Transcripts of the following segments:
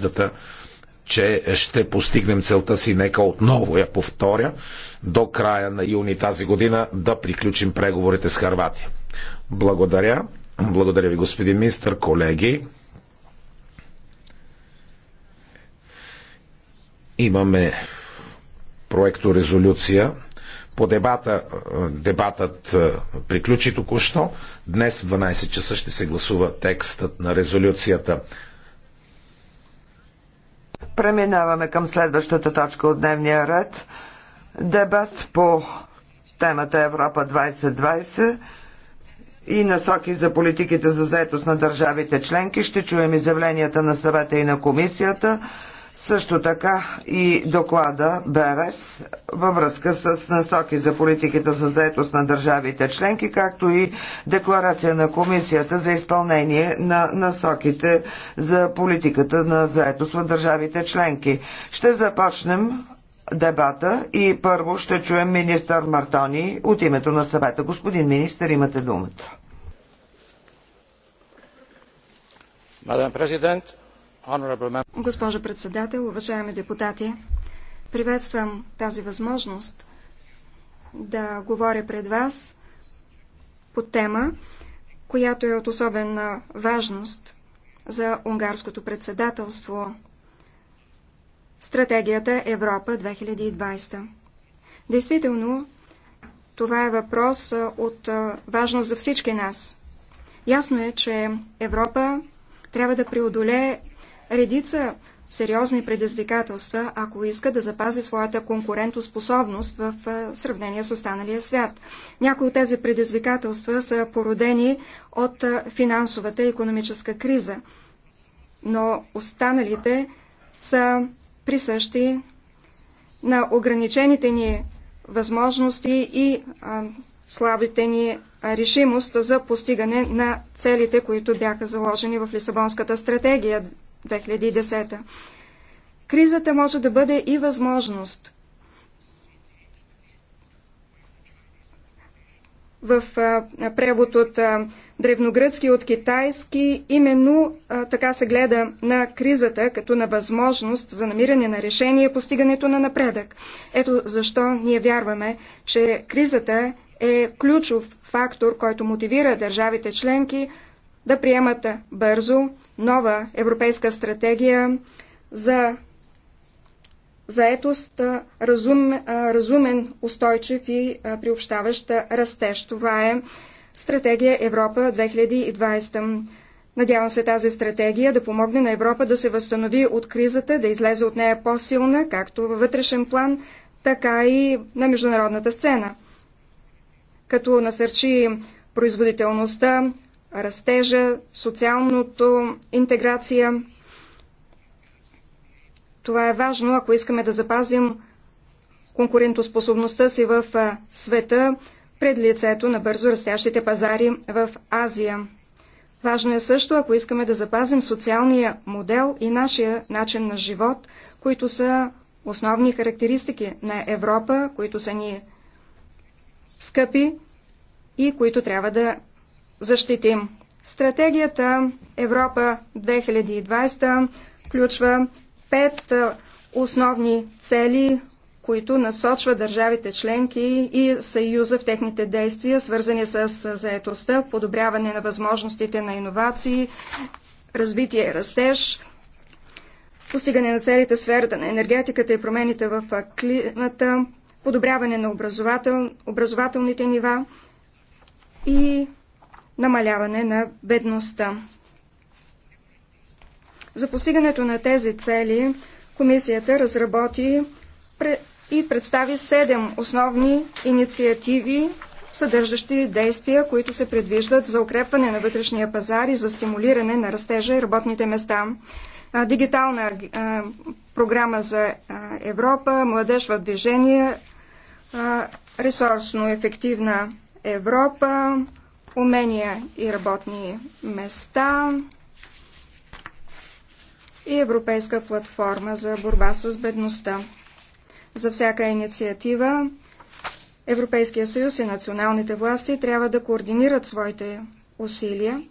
надеждата, че ще постигнем целта си, нека отново я повторя, до края на юни тази година да приключим преговорите с Харватия. Благодаря. Благодаря ви, господин министър, колеги. Имаме проекто резолюция по дебата. Дебатът приключи току-що. Днес в 12 часа ще се гласува текстът на резолюцията. Преминаваме към следващата точка от дневния ред. Дебат по темата Европа 2020 и насоки за политиките за заетост на държавите членки. Ще чуем изявленията на съвета и на комисията също така и доклада БРС във връзка с насоки за политиката за заетост на държавите членки, както и декларация на Комисията за изпълнение на насоките за политиката на заетост на държавите членки. Ще започнем дебата и първо ще чуем министър Мартони от името на съвета. Господин министър, имате думата. Мадам президент, Госпожо председател, уважаеми депутати, приветствам тази възможност да говоря пред вас по тема, която е от особена важност за унгарското председателство Стратегията Европа 2020. Действително, това е въпрос от важност за всички нас. Ясно е, че Европа трябва да преодолее редица сериозни предизвикателства, ако иска да запази своята конкурентоспособност в сравнение с останалия свят. Някои от тези предизвикателства са породени от финансовата и економическа криза, но останалите са присъщи на ограничените ни възможности и а, слабите ни решимост за постигане на целите, които бяха заложени в Лисабонската стратегия 2010. Кризата може да бъде и възможност. В превод от древногръцки, от китайски, именно така се гледа на кризата, като на възможност за намиране на решение и постигането на напредък. Ето защо ние вярваме, че кризата е ключов фактор, който мотивира държавите членки да приемат бързо нова европейска стратегия за заетост, разум, разумен, устойчив и приобщаващ растеж. Това е стратегия Европа 2020. Надявам се тази стратегия да помогне на Европа да се възстанови от кризата, да излезе от нея по-силна, както във вътрешен план, така и на международната сцена. Като насърчи производителността, растежа, социалното интеграция. Това е важно, ако искаме да запазим конкурентоспособността си в света пред лицето на бързо растящите пазари в Азия. Важно е също, ако искаме да запазим социалния модел и нашия начин на живот, които са основни характеристики на Европа, които са ни скъпи и които трябва да защитим. Стратегията Европа 2020 включва пет основни цели, които насочва държавите членки и Съюза в техните действия, свързани с заетостта, подобряване на възможностите на иновации, развитие и растеж, постигане на целите сферата на енергетиката и промените в климата, подобряване на образовател... образователните нива и намаляване на бедността. За постигането на тези цели комисията разработи и представи седем основни инициативи, съдържащи действия, които се предвиждат за укрепване на вътрешния пазар и за стимулиране на растежа и работните места. Дигитална програма за Европа, младеж в движение, ресурсно ефективна Европа, умения и работни места и Европейска платформа за борба с бедността. За всяка инициатива Европейския съюз и националните власти трябва да координират своите усилия,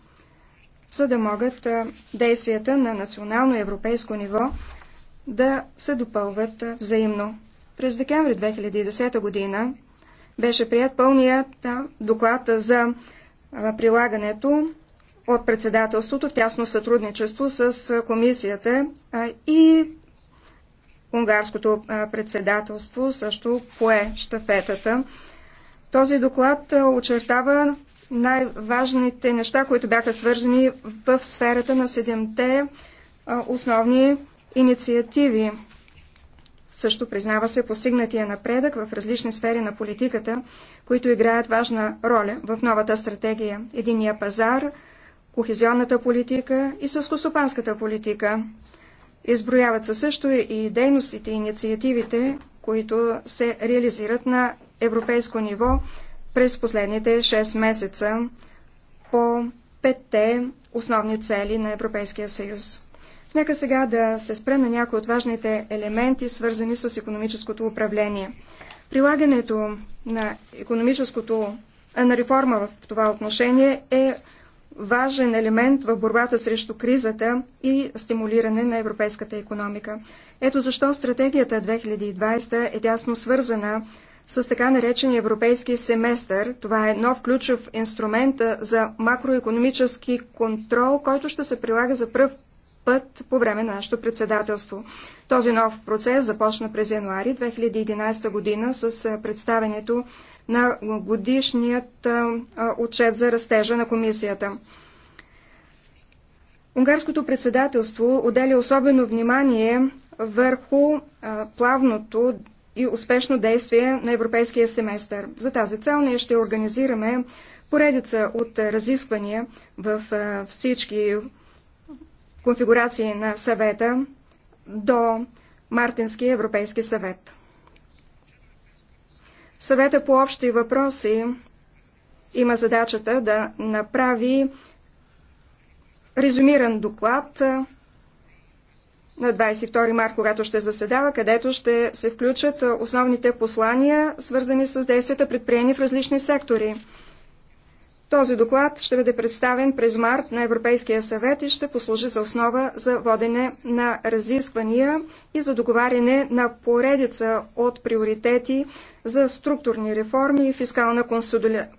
за да могат действията на национално и европейско ниво да се допълват взаимно. През декември 2010 година беше прият пълният доклад за прилагането от председателството в тясно сътрудничество с комисията и унгарското председателство също пое щафетата. Този доклад очертава най-важните неща, които бяха свързани в сферата на седемте основни инициативи. Също признава се постигнатия напредък в различни сфери на политиката, които играят важна роля в новата стратегия. Единия пазар, кохезионната политика и съскостопанската политика. Изброяват се също и дейностите и инициативите, които се реализират на европейско ниво през последните 6 месеца по петте основни цели на Европейския съюз. Нека сега да се спре на някои от важните елементи, свързани с економическото управление. Прилагането на економическото на реформа в това отношение е важен елемент в борбата срещу кризата и стимулиране на европейската економика. Ето защо стратегията 2020 е тясно свързана с така наречения европейски семестър. Това е нов ключов инструмент за макроекономически контрол, който ще се прилага за пръв път по време на нашето председателство. Този нов процес започна през януари 2011 година с представенето на годишният отчет за растежа на комисията. Унгарското председателство отделя особено внимание върху плавното и успешно действие на европейския семестър. За тази цел ние ще организираме поредица от разисквания в всички конфигурации на съвета до Мартинския Европейски съвет. Съвета по общи въпроси има задачата да направи резюмиран доклад на 22 март, когато ще заседава, където ще се включат основните послания, свързани с действията предприени в различни сектори. Този доклад ще бъде представен през март на Европейския съвет и ще послужи за основа за водене на разисквания и за договаряне на поредица от приоритети за структурни реформи и фискална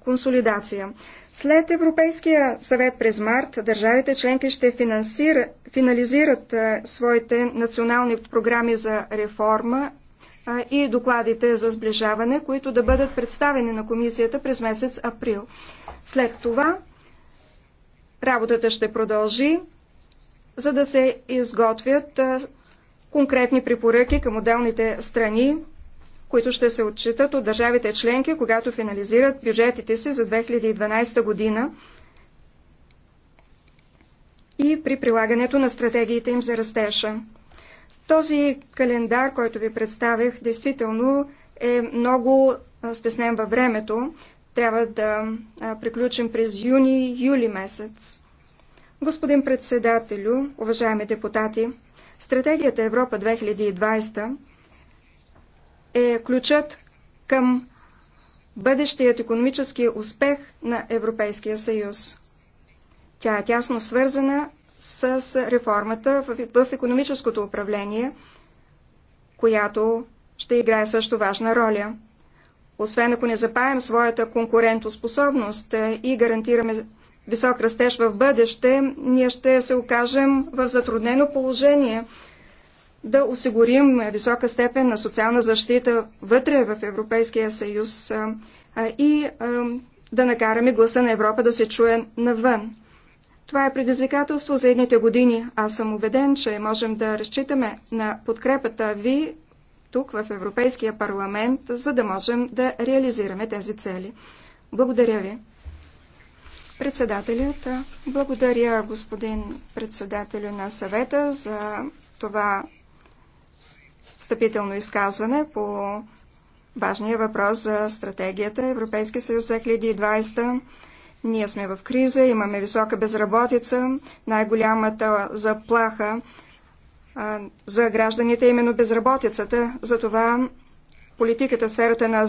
консолидация. След Европейския съвет през март, държавите членки ще финализират е, своите национални програми за реформа и докладите за сближаване, които да бъдат представени на комисията през месец април. След това работата ще продължи, за да се изготвят конкретни препоръки към отделните страни, които ще се отчитат от държавите членки, когато финализират бюджетите си за 2012 година и при прилагането на стратегиите им за растежа. Този календар, който ви представих, действително е много стеснен във времето. Трябва да приключим през юни-юли месец. Господин председателю, уважаеми депутати, стратегията Европа 2020 е ключът към бъдещият економически успех на Европейския съюз. Тя е тясно свързана с реформата в економическото управление, която ще играе също важна роля. Освен ако не запаем своята конкурентоспособност е, и гарантираме висок растеж в бъдеще, ние ще се окажем в затруднено положение да осигурим висока степен на социална защита вътре в Европейския съюз е, и е, да накараме гласа на Европа да се чуе навън. Това е предизвикателство за едните години. Аз съм убеден, че можем да разчитаме на подкрепата ви тук в Европейския парламент, за да можем да реализираме тези цели. Благодаря ви. Председателят, благодаря господин председателю на съвета за това встъпително изказване по важния въпрос за стратегията Европейски съюз 2020. Ние сме в криза, имаме висока безработица, най-голямата заплаха за гражданите е именно безработицата. Затова политиката в сферата на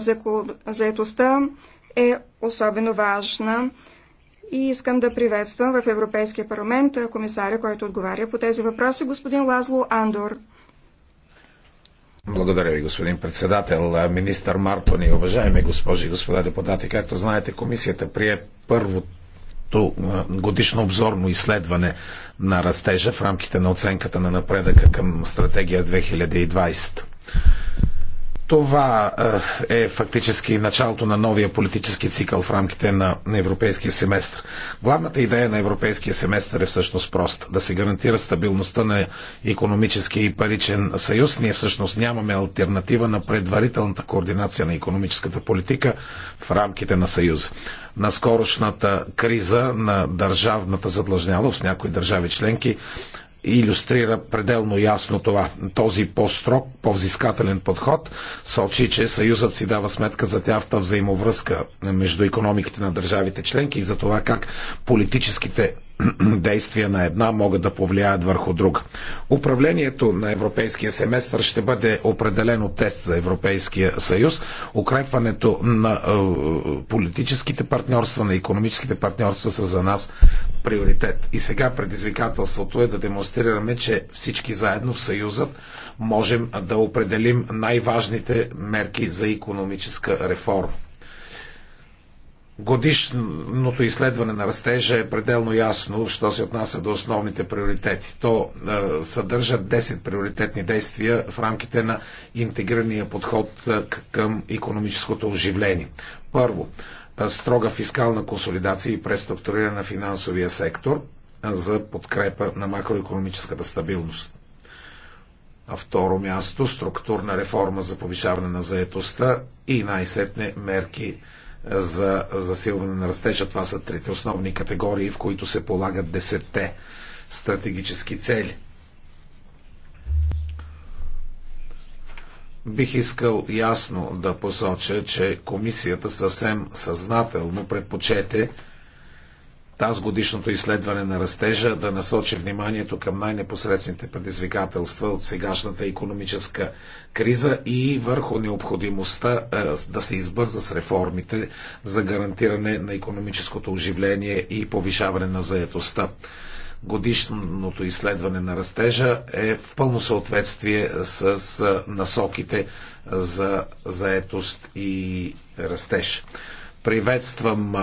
заетостта е особено важна. И искам да приветствам в Европейския парламент комисаря, който отговаря по тези въпроси, господин Лазло Андор. Благодаря ви, господин председател. Министър Мартони, уважаеми госпожи и господа депутати, както знаете, комисията прие първото годишно обзорно изследване на растежа в рамките на оценката на напредъка към стратегия 2020. Това е, е фактически началото на новия политически цикъл в рамките на, европейския семестър. Главната идея на европейския семестър е всъщност проста. Да се гарантира стабилността на економическия и паричен съюз. Ние всъщност нямаме альтернатива на предварителната координация на економическата политика в рамките на съюза. скорошната криза на държавната задлъжнялост в някои държави членки иллюстрира пределно ясно това. Този по-строг, по-взискателен подход сочи, че Съюзът си дава сметка за тяхта взаимовръзка между економиките на държавите членки и за това как политическите действия на една могат да повлияят върху друга. Управлението на европейския семестър ще бъде определено тест за Европейския съюз. Укрепването на е, политическите партньорства, на економическите партньорства са за нас приоритет. И сега предизвикателството е да демонстрираме, че всички заедно в съюзът можем да определим най-важните мерки за економическа реформа годишното изследване на растежа е пределно ясно, що се отнася до основните приоритети. То е, съдържа 10 приоритетни действия в рамките на интегрирания подход е, към економическото оживление. Първо, е, строга фискална консолидация и преструктуриране на финансовия сектор е, за подкрепа на макроекономическата стабилност. А второ място структурна реформа за повишаване на заетостта и най-сетне мерки за засилване на растежа. Това са трите основни категории, в които се полагат десетте стратегически цели. Бих искал ясно да посоча, че комисията съвсем съзнателно предпочете тази годишното изследване на растежа да насочи вниманието към най-непосредствените предизвикателства от сегашната економическа криза и върху необходимостта е, да се избърза с реформите за гарантиране на економическото оживление и повишаване на заетостта. Годишното изследване на растежа е в пълно съответствие с е, насоките за заетост и растеж приветствам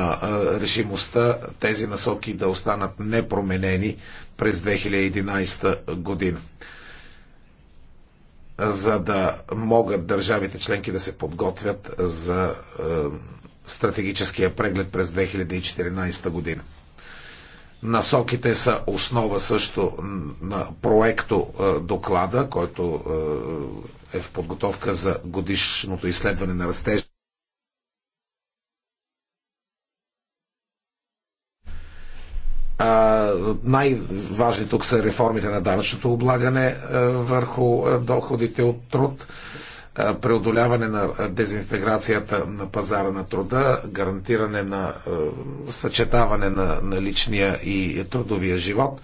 решимостта тези насоки да останат непроменени през 2011 година за да могат държавите членки да се подготвят за стратегическия преглед през 2014 година. Насоките са основа също на проекто доклада, който е, е в подготовка за годишното изследване на растежа най-важни тук са реформите на данъчното облагане върху доходите от труд, преодоляване на дезинтеграцията на пазара на труда, гарантиране на съчетаване на, на личния и трудовия живот,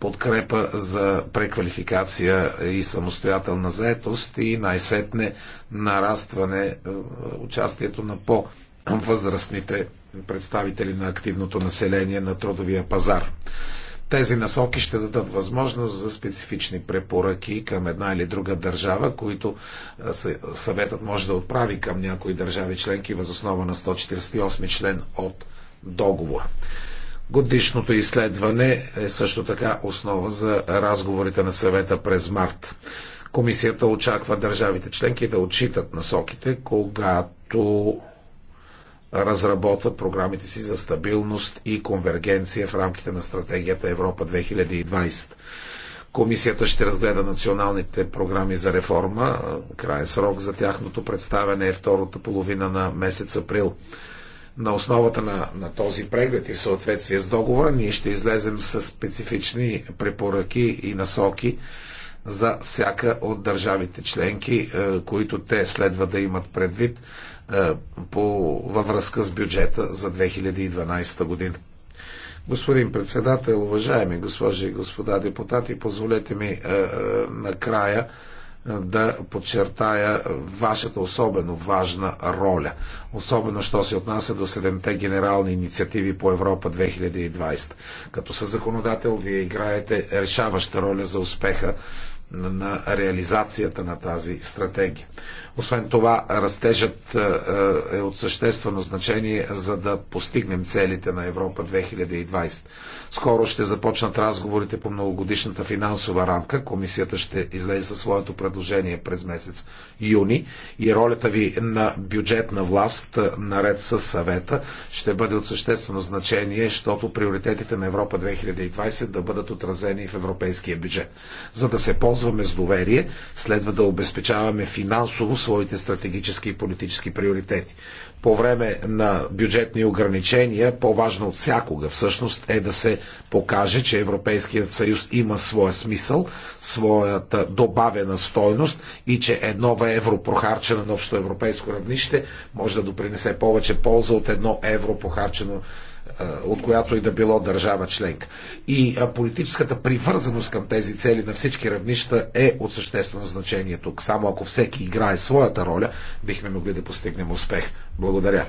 подкрепа за преквалификация и самостоятелна заетост и най-сетне нарастване участието на по-възрастните представители на активното население на трудовия пазар. Тези насоки ще дадат възможност за специфични препоръки към една или друга държава, които съветът може да отправи към някои държави членки възоснова на 148 член от договор. Годишното изследване е също така основа за разговорите на съвета през март. Комисията очаква държавите членки да отчитат насоките, когато разработват програмите си за стабилност и конвергенция в рамките на стратегията Европа 2020. Комисията ще разгледа националните програми за реформа. Крайен срок за тяхното представяне е втората половина на месец април. На основата на, на този преглед и в съответствие с договора ние ще излезем с специфични препоръки и насоки за всяка от държавите членки, е, които те следва да имат предвид е, по, във връзка с бюджета за 2012 година. Господин председател, уважаеми госпожи и господа депутати, позволете ми е, е, накрая е, да подчертая вашата особено важна роля. Особено, що се отнася до седемте генерални инициативи по Европа 2020. Като със законодател, вие играете решаваща роля за успеха на реализацията на тази стратегия. Освен това, растежът е, е, е от съществено значение, за да постигнем целите на Европа 2020. Скоро ще започнат разговорите по многогодишната финансова рамка. Комисията ще излезе със своето предложение през месец юни и ролята ви на бюджетна власт, е, наред с съвета, ще бъде от съществено значение, защото приоритетите на Европа 2020 да бъдат отразени в европейския бюджет. За да се ползваме с доверие, следва да обезпечаваме финансово своите стратегически и политически приоритети. По време на бюджетни ограничения, по-важно от всякога всъщност е да се покаже, че Европейският съюз има своя смисъл, своята добавена стойност и че едно евро прохарчено на общоевропейско равнище може да допринесе повече полза от едно евро похарчено от която и да било държава членка. И политическата привързаност към тези цели на всички равнища е от съществено значение тук. Само ако всеки играе своята роля, бихме могли да постигнем успех. Благодаря.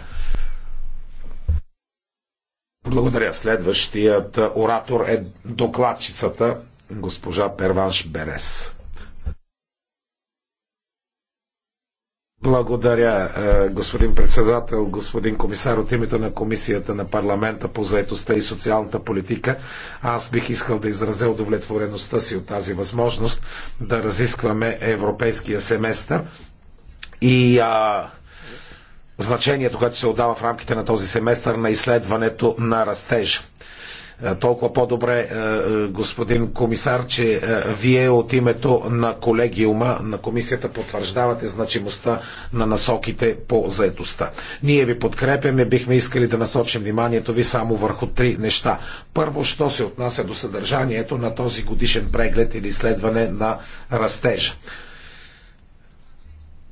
Благодаря. Следващият оратор е докладчицата госпожа Перванш Берес. Благодаря, е, господин председател, господин комисар. От името на Комисията на парламента по заетостта и социалната политика, аз бих искал да изразя удовлетвореността си от тази възможност да разискваме европейския семестър и а, значението, което се отдава в рамките на този семестър на изследването на растежа. Е, толкова по-добре, е, е, господин комисар, че вие от името на колегиума на комисията потвърждавате значимостта на насоките по заедостта. Ние ви подкрепяме, бихме искали да насочим вниманието ви само върху три неща. Първо, що се отнася до съдържанието на този годишен преглед или изследване на растежа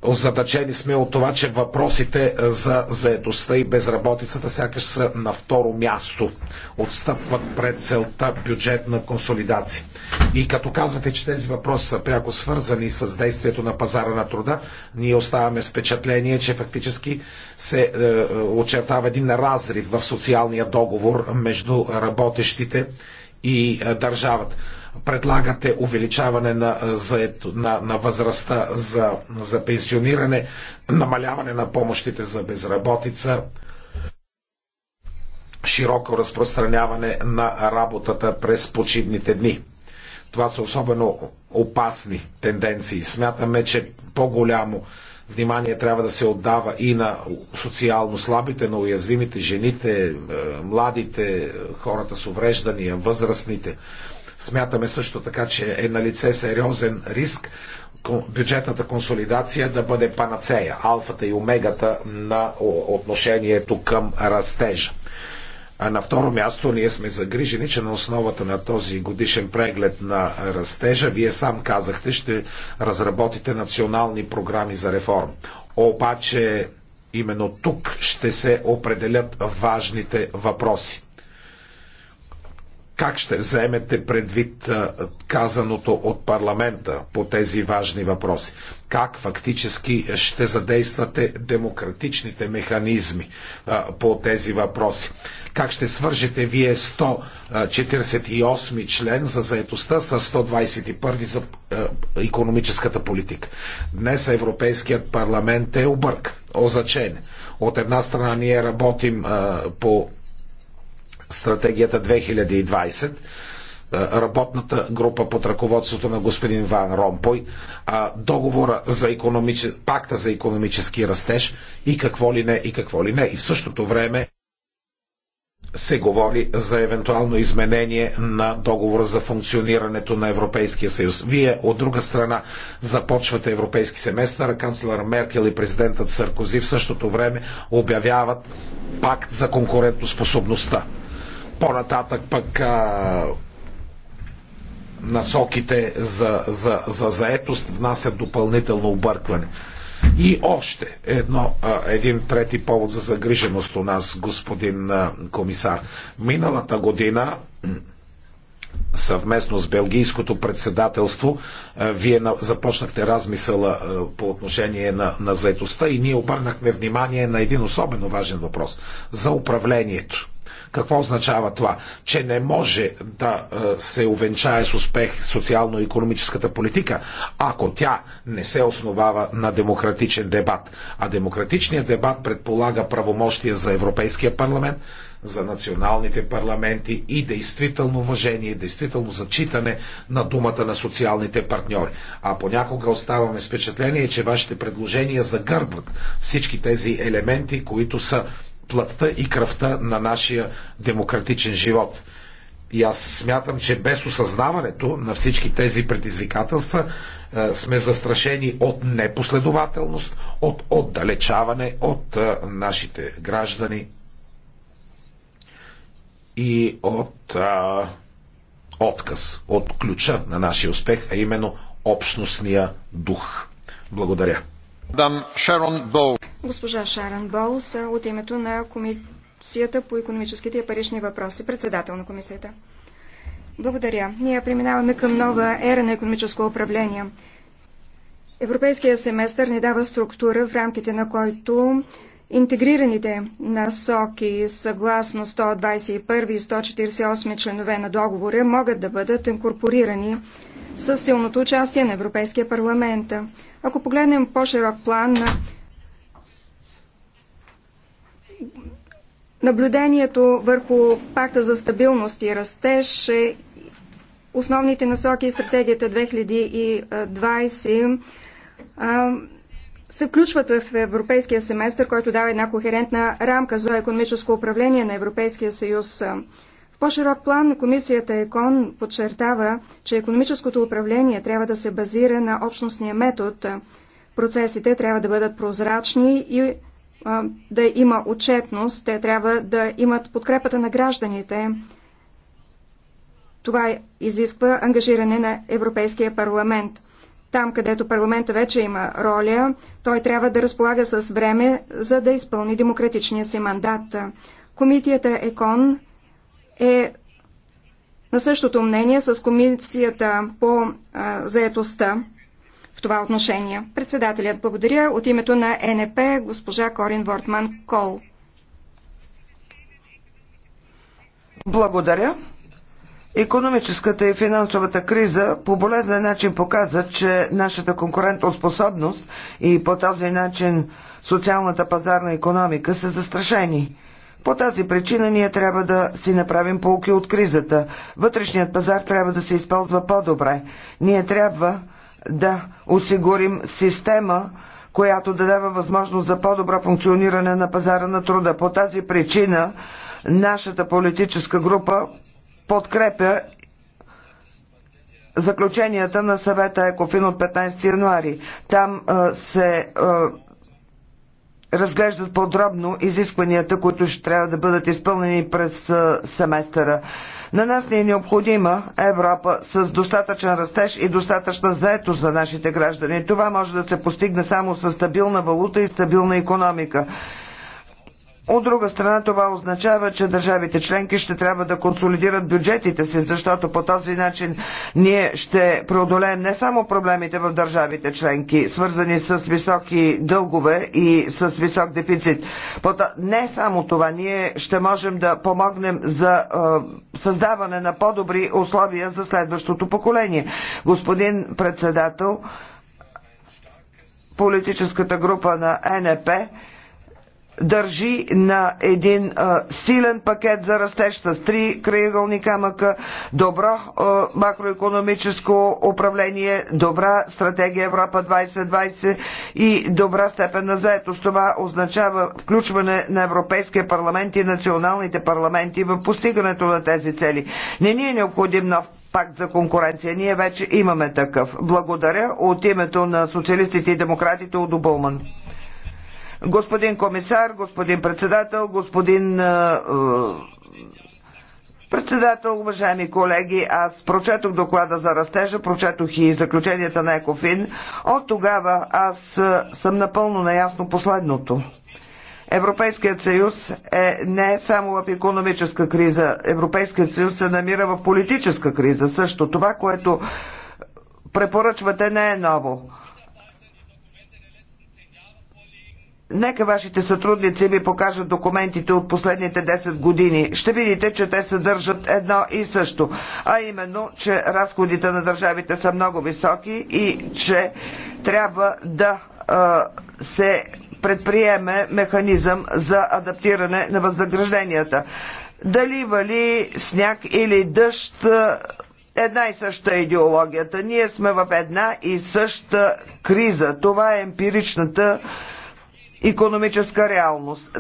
озадачени сме от това, че въпросите за заедостта и безработицата сякаш са на второ място. Отстъпват пред целта бюджетна консолидация. И като казвате, че тези въпроси са пряко свързани с действието на пазара на труда, ние оставаме с впечатление, че фактически се е, очертава един разрив в социалния договор между работещите и е, държавата предлагате увеличаване на, заето, на, на възрастта за, за пенсиониране, намаляване на помощите за безработица, широко разпространяване на работата през почивните дни. Това са особено опасни тенденции. Смятаме, че по-голямо внимание трябва да се отдава и на социално слабите, на уязвимите, жените, е, младите, е, хората с увреждания, възрастните. Смятаме също така, че е на лице сериозен риск бюджетната консолидация да бъде панацея, алфата и омегата на отношението към растежа. А на второ място ние сме загрижени, че на основата на този годишен преглед на растежа, вие сам казахте, ще разработите национални програми за реформ. Обаче именно тук ще се определят важните въпроси как ще вземете предвид казаното от парламента по тези важни въпроси? Как фактически ще задействате демократичните механизми по тези въпроси? Как ще свържете вие 148 член за заетостта с 121 за економическата политика? Днес Европейският парламент е объркан, озачен. От една страна ние работим по стратегията 2020, работната група под ръководството на господин Ван Ромпой, договора за економичес... пакта за економически растеж и какво ли не, и какво ли не. И в същото време се говори за евентуално изменение на договора за функционирането на Европейския съюз. Вие, от друга страна, започвате европейски семестър, канцлер Меркел и президентът Саркози в същото време обявяват пакт за конкурентоспособността. По-нататък пък а, насоките за, за, за заетост внасят допълнително объркване. И още едно, един трети повод за загриженост у нас, господин комисар. Миналата година съвместно с Белгийското председателство, вие започнахте размисъла по отношение на, на заедостта и ние обърнахме внимание на един особено важен въпрос за управлението какво означава това? Че не може да е, се увенчае с успех социално-економическата политика, ако тя не се основава на демократичен дебат. А демократичният дебат предполага правомощия за Европейския парламент, за националните парламенти и действително уважение, действително зачитане на думата на социалните партньори. А понякога оставаме с впечатление, че вашите предложения загърбват всички тези елементи, които са плътта и кръвта на нашия демократичен живот. И аз смятам, че без осъзнаването на всички тези предизвикателства е, сме застрашени от непоследователност, от отдалечаване от е, нашите граждани и от а, е, отказ, от ключа на нашия успех, а именно общностния дух. Благодаря. Дам Шерон Бол. Госпожа Шаран Боус от името на Комисията по економическите и парични въпроси, председател на комисията. Благодаря. Ние преминаваме към нова ера на економическо управление. Европейския семестър ни дава структура, в рамките на който интегрираните насоки съгласно 121 и 148 членове на договора могат да бъдат инкорпорирани с силното участие на Европейския парламент. Ако погледнем по-широк план, Наблюдението върху пакта за стабилност и растеж е основните насоки и стратегията 2020 се включват в европейския семестър, който дава една кохерентна рамка за економическо управление на Европейския съюз. В по-широк план комисията ЕКОН подчертава, че економическото управление трябва да се базира на общностния метод. Процесите трябва да бъдат прозрачни и да има отчетност, те трябва да имат подкрепата на гражданите. Това изисква ангажиране на Европейския парламент. Там, където парламента вече има роля, той трябва да разполага с време, за да изпълни демократичния си мандат. Комитията ЕКОН е на същото мнение с Комисията по заетостта в това отношение. Председателят благодаря от името на НП госпожа Корин Вортман Кол. Благодаря. Економическата и финансовата криза по болезнен начин показа, че нашата конкурентоспособност и по този начин социалната пазарна економика са застрашени. По тази причина ние трябва да си направим полки от кризата. Вътрешният пазар трябва да се използва по-добре. Ние трябва да осигурим система, която да дава възможност за по-добро функциониране на пазара на труда. По тази причина нашата политическа група подкрепя заключенията на съвета Екофин от 15 януари. Там се разглеждат подробно изискванията, които ще трябва да бъдат изпълнени през семестъра. На нас не е необходима Европа с достатъчен растеж и достатъчна заетост за нашите граждани. Това може да се постигне само с стабилна валута и стабилна економика. От друга страна това означава, че държавите членки ще трябва да консолидират бюджетите си, защото по този начин ние ще преодолеем не само проблемите в държавите членки, свързани с високи дългове и с висок дефицит. Не само това, ние ще можем да помогнем за създаване на по-добри условия за следващото поколение. Господин председател, политическата група на НП държи на един а, силен пакет за растеж с три крайъгълни камъка, добро а, макроекономическо управление, добра стратегия Европа 2020 и добра степен на заетост. Това означава включване на Европейския парламент и националните парламенти в постигането на тези цели. Не ни е необходим нов пакт за конкуренция. Ние вече имаме такъв. Благодаря от името на социалистите и демократите от Обълман. Господин комисар, господин председател, господин е, е, Председател, уважаеми колеги, аз прочетох доклада за растежа, прочетох и заключенията на Екофин. От тогава аз е, съм напълно наясно последното. Европейският съюз е не само в економическа криза, Европейският съюз се намира в политическа криза също. Това, което препоръчвате не е ново. Нека вашите сътрудници ми покажат документите от последните 10 години. Ще видите, че те съдържат едно и също, а именно, че разходите на държавите са много високи и че трябва да се предприеме механизъм за адаптиране на възнагражденията. Дали вали сняг или дъжд, една и съща е идеологията. Ние сме в една и съща криза. Това е емпиричната економическа реалност.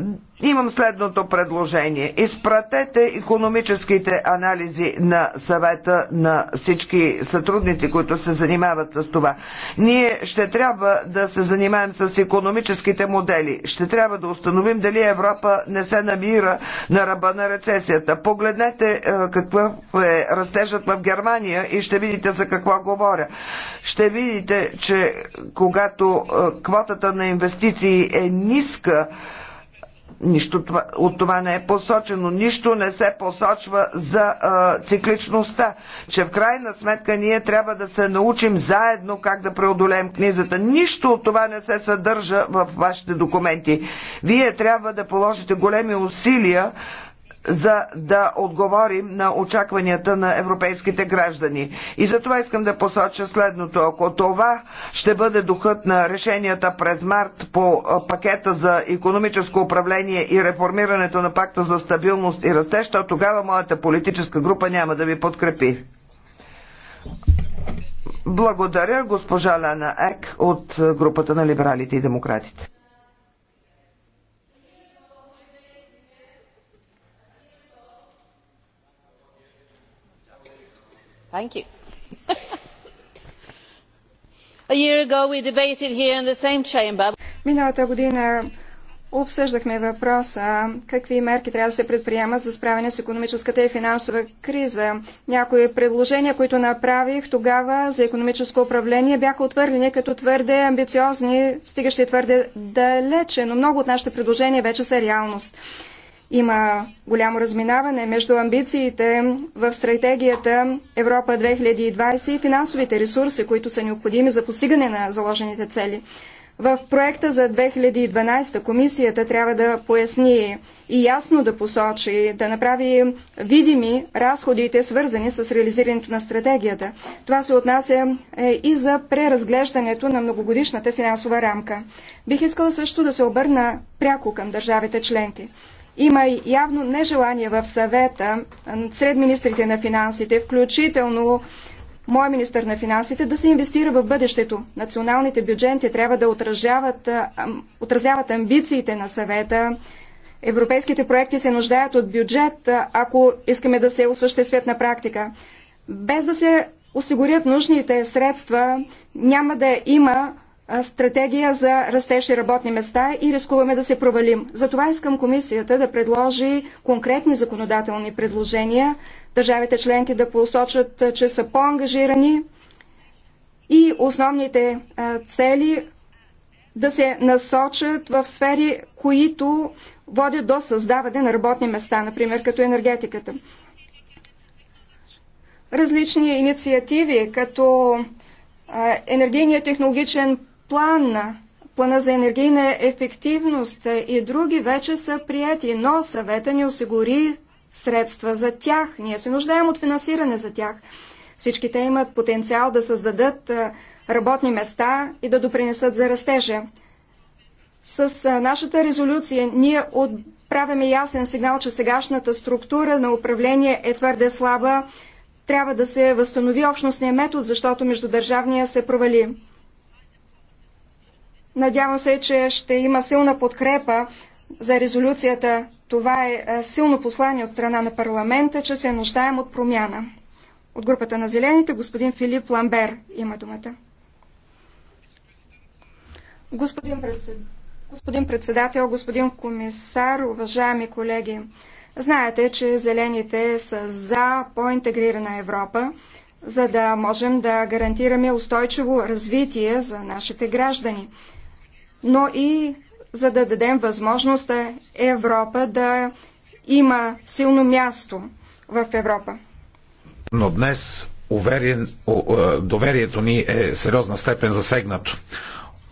Имам следното предложение. Изпратете економическите анализи на съвета на всички сътрудници, които се занимават с това. Ние ще трябва да се занимаем с економическите модели. Ще трябва да установим дали Европа не се намира на ръба на рецесията. Погледнете е, какво е растежът в Германия и ще видите за какво говоря. Ще видите, че когато е, квотата на инвестиции е ниска, Нищо от това не е посочено. Нищо не се посочва за а, цикличността. Че в крайна сметка ние трябва да се научим заедно как да преодолеем книзата. Нищо от това не се съдържа в вашите документи. Вие трябва да положите големи усилия за да отговорим на очакванията на европейските граждани. И за това искам да посоча следното. Ако това ще бъде духът на решенията през март по пакета за економическо управление и реформирането на пакта за стабилност и растеж, то тогава моята политическа група няма да ви подкрепи. Благодаря, госпожа Лена Ек от групата на либералите и демократите. Миналата година обсъждахме въпроса какви мерки трябва да се предприемат за справяне с економическата и финансова криза. Някои предложения, които направих тогава за економическо управление, бяха отвърлени като твърде амбициозни, стигащи твърде далече, но много от нашите предложения вече са реалност. Има голямо разминаване между амбициите в стратегията Европа 2020 и финансовите ресурси, които са необходими за постигане на заложените цели. В проекта за 2012 комисията трябва да поясни и ясно да посочи, да направи видими разходите, свързани с реализирането на стратегията. Това се отнася е, и за преразглеждането на многогодишната финансова рамка. Бих искала също да се обърна пряко към държавите членки. Има явно нежелание в съвета сред министрите на финансите, включително моят министр на финансите, да се инвестира в бъдещето. Националните бюджети трябва да отразяват, отразяват амбициите на съвета. Европейските проекти се нуждаят от бюджет, ако искаме да се осъществят на практика. Без да се осигурят нужните средства, няма да има стратегия за растеж и работни места и рискуваме да се провалим. Затова искам комисията да предложи конкретни законодателни предложения, държавите членки да посочат, че са по-ангажирани и основните цели да се насочат в сфери, които водят до създаване на работни места, например като енергетиката. Различни инициативи, като енергийния технологичен план, плана за енергийна ефективност е, и други вече са прияти, но съвета ни осигури средства за тях. Ние се нуждаем от финансиране за тях. Всички те имат потенциал да създадат е, работни места и да допринесат за растежа. С е, нашата резолюция ние отправяме ясен сигнал, че сегашната структура на управление е твърде слаба. Трябва да се възстанови общностния метод, защото междудържавния се провали. Надявам се, че ще има силна подкрепа за резолюцията. Това е, е силно послание от страна на парламента, че се нуждаем от промяна. От групата на зелените господин Филип Ламбер има думата. Господин, председ... господин председател, господин комисар, уважаеми колеги, знаете, че зелените са за по-интегрирана Европа, за да можем да гарантираме устойчиво развитие за нашите граждани но и за да дадем възможност е Европа да има силно място в Европа. Но днес уверен, доверието ни е сериозна степен засегнато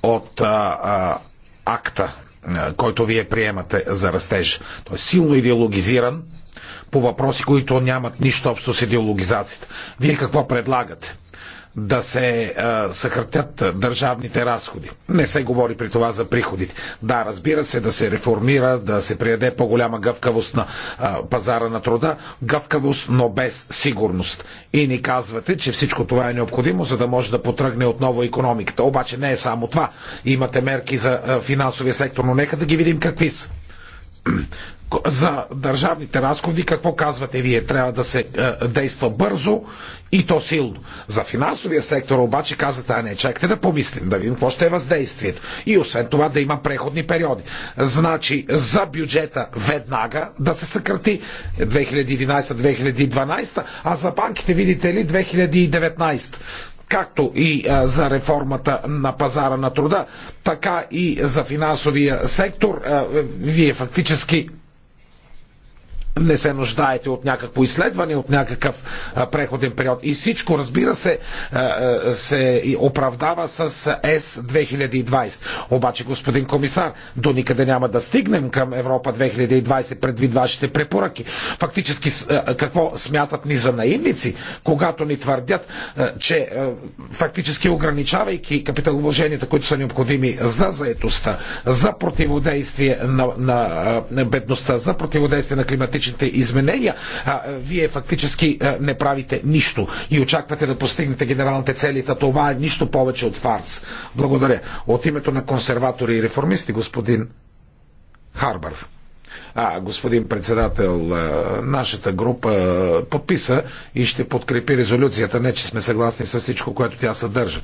от а, а, акта, който вие приемате за растеж. Той е силно идеологизиран по въпроси, които нямат нищо общо с идеологизацията. Вие какво предлагате? да се а, съкратят държавните разходи. Не се говори при това за приходите. Да, разбира се, да се реформира, да се приеде по-голяма гъвкавост на а, пазара на труда, гъвкавост, но без сигурност. И ни казвате, че всичко това е необходимо, за да може да потръгне отново економиката. Обаче не е само това. Имате мерки за а, финансовия сектор, но нека да ги видим какви са за държавните разходи, какво казвате вие? Трябва да се е, действа бързо и то силно. За финансовия сектор обаче казвате, а не, чакайте да помислим, да видим какво ще е въздействието. И освен това да има преходни периоди. Значи за бюджета веднага да се съкрати 2011-2012, а за банките, видите ли, 2019 както и е, за реформата на пазара на труда, така и за финансовия сектор, е, вие фактически не се нуждаете от някакво изследване, от някакъв преходен период. И всичко, разбира се, се оправдава с С-2020. Обаче, господин комисар, до никъде няма да стигнем към Европа 2020 предвид вашите препоръки. Фактически, какво смятат ни за наивници, когато ни твърдят, че фактически ограничавайки капиталовложенията, които са необходими за заетостта, за противодействие на, на бедността, за противодействие на климатичните климатичните изменения, а, вие фактически а, не правите нищо и очаквате да постигнете генералните цели. Това е нищо повече от фарс. Благодаря. От името на консерватори и реформисти, господин Харбър. А, господин председател, нашата група подписа и ще подкрепи резолюцията. Не, че сме съгласни с всичко, което тя съдържа.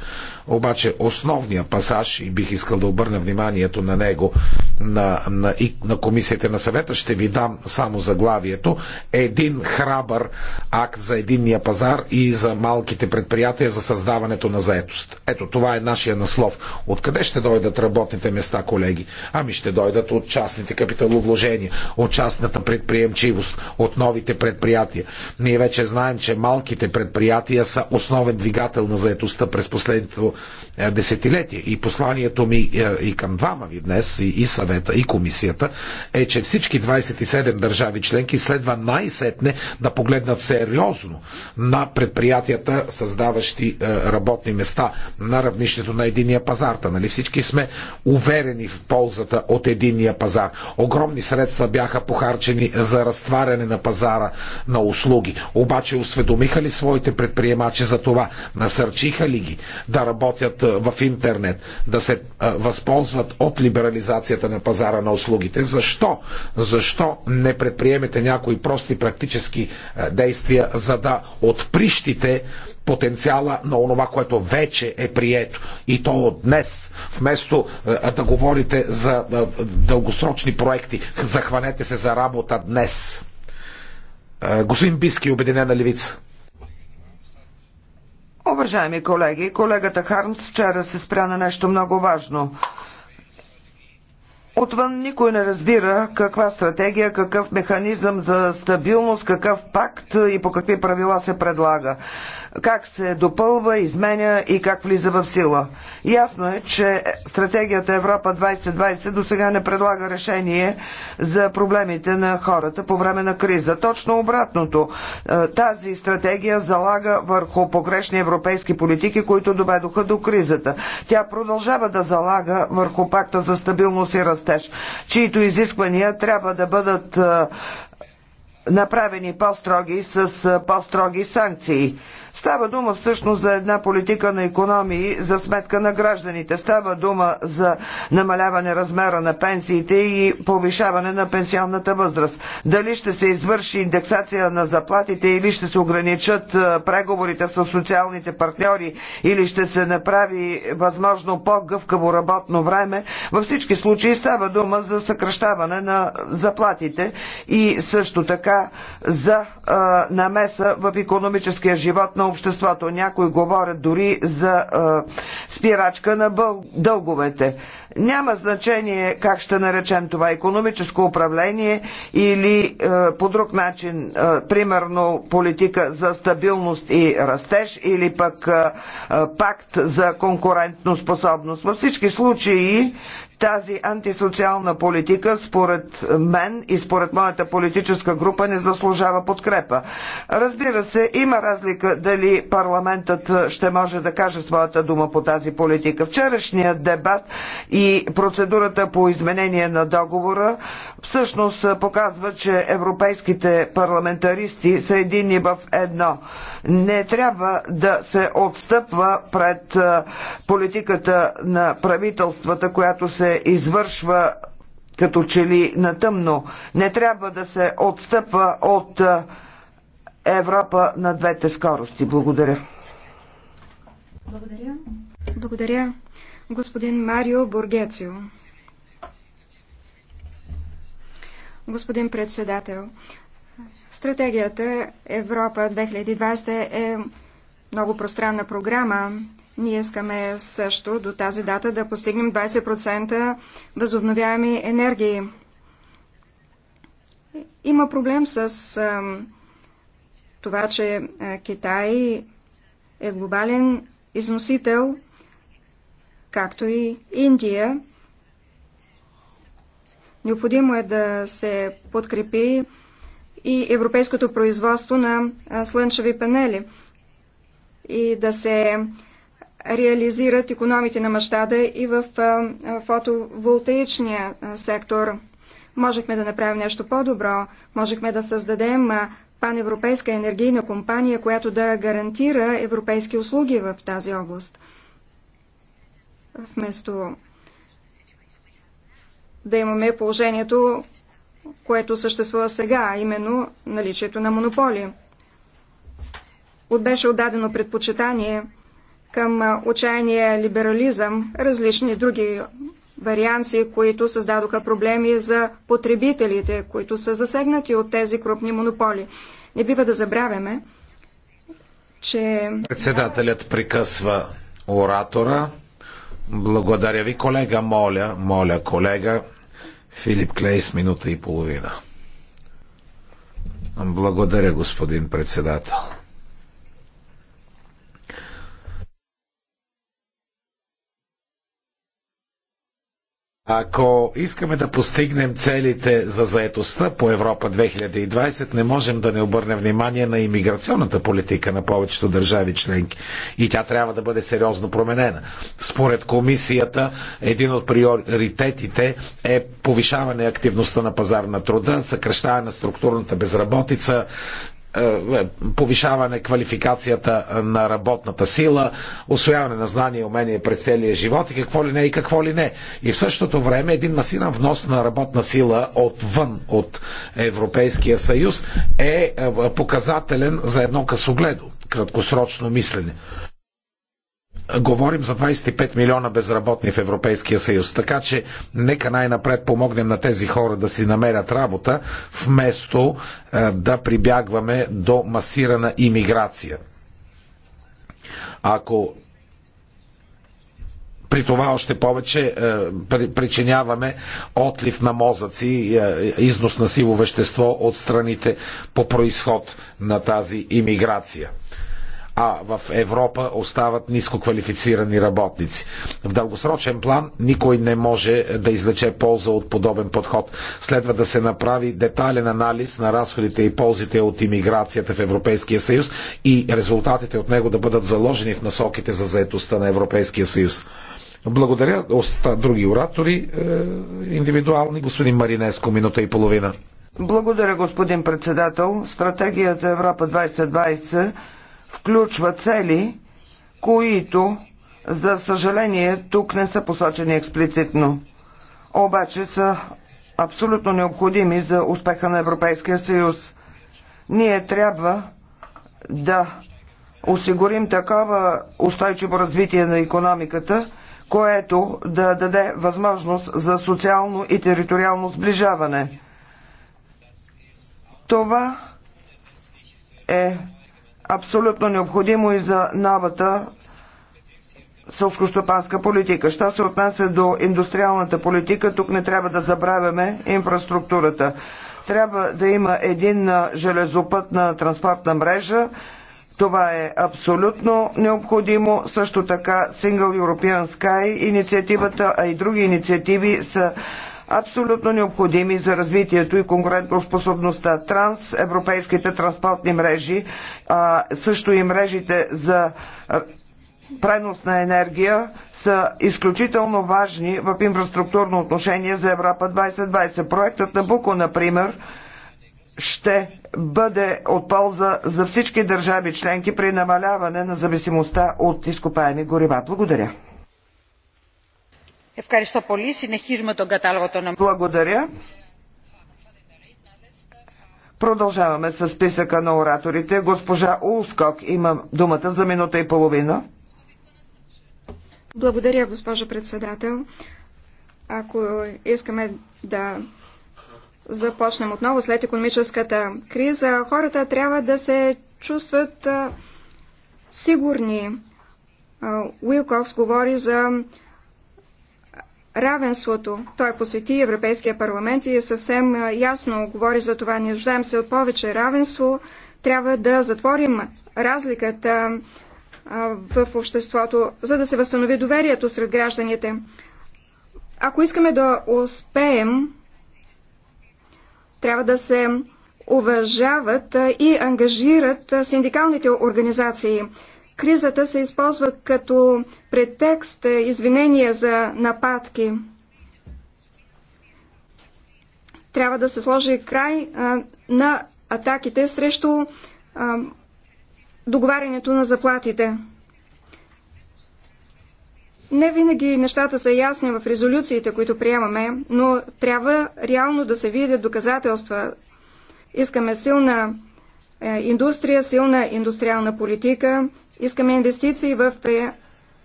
Обаче основният пасаж, и бих искал да обърна вниманието на него, на, на, и на комисията на съвета, ще ви дам само заглавието. Един храбър акт за единния пазар и за малките предприятия за създаването на заетост. Ето, това е нашия наслов. Откъде ще дойдат работните места, колеги? Ами ще дойдат от частните капиталовложения от частната предприемчивост, от новите предприятия. Ние вече знаем, че малките предприятия са основен двигател на заетостта през последното е, десетилетие. И посланието ми е, и към двама ви днес, и съвета, и комисията, е, че всички 27 държави членки следва най-сетне да погледнат сериозно на предприятията, създаващи е, работни места на равнището на единия пазар. нали всички сме уверени в ползата от единия пазар. Огромни средства бяха похарчени за разтваряне на пазара на услуги. Обаче осведомиха ли своите предприемачи за това? Насърчиха ли ги да работят е, в интернет, да се е, възползват от либерализацията на пазара на услугите? Защо? Защо не предприемете някои прости практически е, действия, за да отприщите потенциала на онова, което вече е прието. И то от днес. Вместо е, е, да говорите за е, дългосрочни проекти, захванете се за работа днес. Господин Биски, Обединена левица. Уважаеми колеги, колегата Хармс вчера се спря на нещо много важно. Отвън никой не разбира каква стратегия, какъв механизъм за стабилност, какъв пакт и по какви правила се предлага как се допълва, изменя и как влиза в сила. Ясно е, че стратегията Европа 2020 до сега не предлага решение за проблемите на хората по време на криза. Точно обратното. Е, тази стратегия залага върху погрешни европейски политики, които доведоха до кризата. Тя продължава да залага върху пакта за стабилност и растеж, чието изисквания трябва да бъдат е, направени по-строги с е, по-строги санкции. Става дума всъщност за една политика на економии за сметка на гражданите. Става дума за намаляване размера на пенсиите и повишаване на пенсионната възраст. Дали ще се извърши индексация на заплатите или ще се ограничат е, преговорите с социалните партньори или ще се направи е, възможно по-гъвкаво работно време, във всички случаи става дума за съкръщаване на заплатите и също така за е, намеса в економическия живот на обществото. Някои говорят дори за е, спирачка на дълговете. Няма значение как ще наречем това економическо управление или е, по друг начин, е, примерно политика за стабилност и растеж или пък е, пакт за конкурентно способност. Във всички случаи тази антисоциална политика, според мен и според моята политическа група, не заслужава подкрепа. Разбира се, има разлика дали парламентът ще може да каже своята дума по тази политика. Вчерашният дебат и процедурата по изменение на договора всъщност показва, че европейските парламентаристи са едини в едно. Не трябва да се отстъпва пред политиката на правителствата, която се извършва като че ли на тъмно. Не трябва да се отстъпва от Европа на двете скорости. Благодаря. Благодаря. Благодаря. Господин Марио Бургецио. Господин председател, стратегията Европа 2020 е много пространна програма. Ние искаме също до тази дата да постигнем 20% възобновяеми енергии. Има проблем с това, че Китай е глобален износител, както и Индия. Необходимо е да се подкрепи и европейското производство на слънчеви панели и да се реализират економите на мащада и в фотоволтаичния сектор. Можехме да направим нещо по-добро, можехме да създадем паневропейска енергийна компания, която да гарантира европейски услуги в тази област. Вместо да имаме положението, което съществува сега, именно наличието на монополи. От беше отдадено предпочитание към отчаяния либерализъм, различни други варианти, които създадоха проблеми за потребителите, които са засегнати от тези крупни монополи. Не бива да забравяме, че... Председателят прекъсва оратора. Благодаря ви, колега. Моля, моля, колега. Филип Клейс, минута и половина. Благодаря, господин председател. Ако искаме да постигнем целите за заетостта по Европа 2020, не можем да не обърнем внимание на имиграционната политика на повечето държави членки. И тя трябва да бъде сериозно променена. Според комисията, един от приоритетите е повишаване активността на пазар на труда, съкръщаване на структурната безработица, е, е, повишаване квалификацията на работната сила, освояване на знания и умения през целия живот и какво ли не и какво ли не. И в същото време един масиран внос на работна сила отвън от Европейския съюз е, е показателен за едно късогледо, краткосрочно мислене. Говорим за 25 милиона безработни в Европейския съюз, така че нека най-напред помогнем на тези хора да си намерят работа, вместо е, да прибягваме до масирана имиграция. Ако при това още повече е, причиняваме отлив на мозъци, е, износ на сиво вещество от страните по происход на тази имиграция а в Европа остават ниско квалифицирани работници. В дългосрочен план никой не може да излече полза от подобен подход. Следва да се направи детален анализ на разходите и ползите от имиграцията в Европейския съюз и резултатите от него да бъдат заложени в насоките за заетостта на Европейския съюз. Благодаря. Оста други оратори, е, индивидуални. Господин Маринеско, минута и половина. Благодаря, господин председател. Стратегията Европа 2020 включва цели, които, за съжаление, тук не са посочени експлицитно, обаче са абсолютно необходими за успеха на Европейския съюз. Ние трябва да осигурим такова устойчиво развитие на економиката, което да даде възможност за социално и териториално сближаване. Това е абсолютно необходимо и за новата сълскостопанска политика. Що се отнася до индустриалната политика, тук не трябва да забравяме инфраструктурата. Трябва да има един железопътна транспортна мрежа. Това е абсолютно необходимо. Също така Single European Sky инициативата, а и други инициативи са абсолютно необходими за развитието и конкурентоспособността. Трансевропейските транспортни мрежи, а също и мрежите за пренос на енергия са изключително важни в инфраструктурно отношение за Европа 2020. Проектът на Буко, например, ще бъде от полза за всички държави членки при намаляване на зависимостта от изкопаеми горива. Благодаря. Благодаря. Продължаваме с списъка на ораторите. Госпожа Улскок има думата за минута и половина. Благодаря, госпожа председател. Ако искаме да започнем отново след економическата криза, хората трябва да се чувстват сигурни. Уилкокс говори за равенството. Той посети Европейския парламент и е съвсем ясно говори за това. Не нуждаем се от повече равенство. Трябва да затворим разликата в обществото, за да се възстанови доверието сред гражданите. Ако искаме да успеем, трябва да се уважават и ангажират синдикалните организации кризата се използва като претекст, е, извинения за нападки. Трябва да се сложи край а, на атаките срещу а, договарянето на заплатите. Не винаги нещата са ясни в резолюциите, които приемаме, но трябва реално да се видят доказателства. Искаме силна е, индустрия, силна индустриална политика, Искаме инвестиции в е,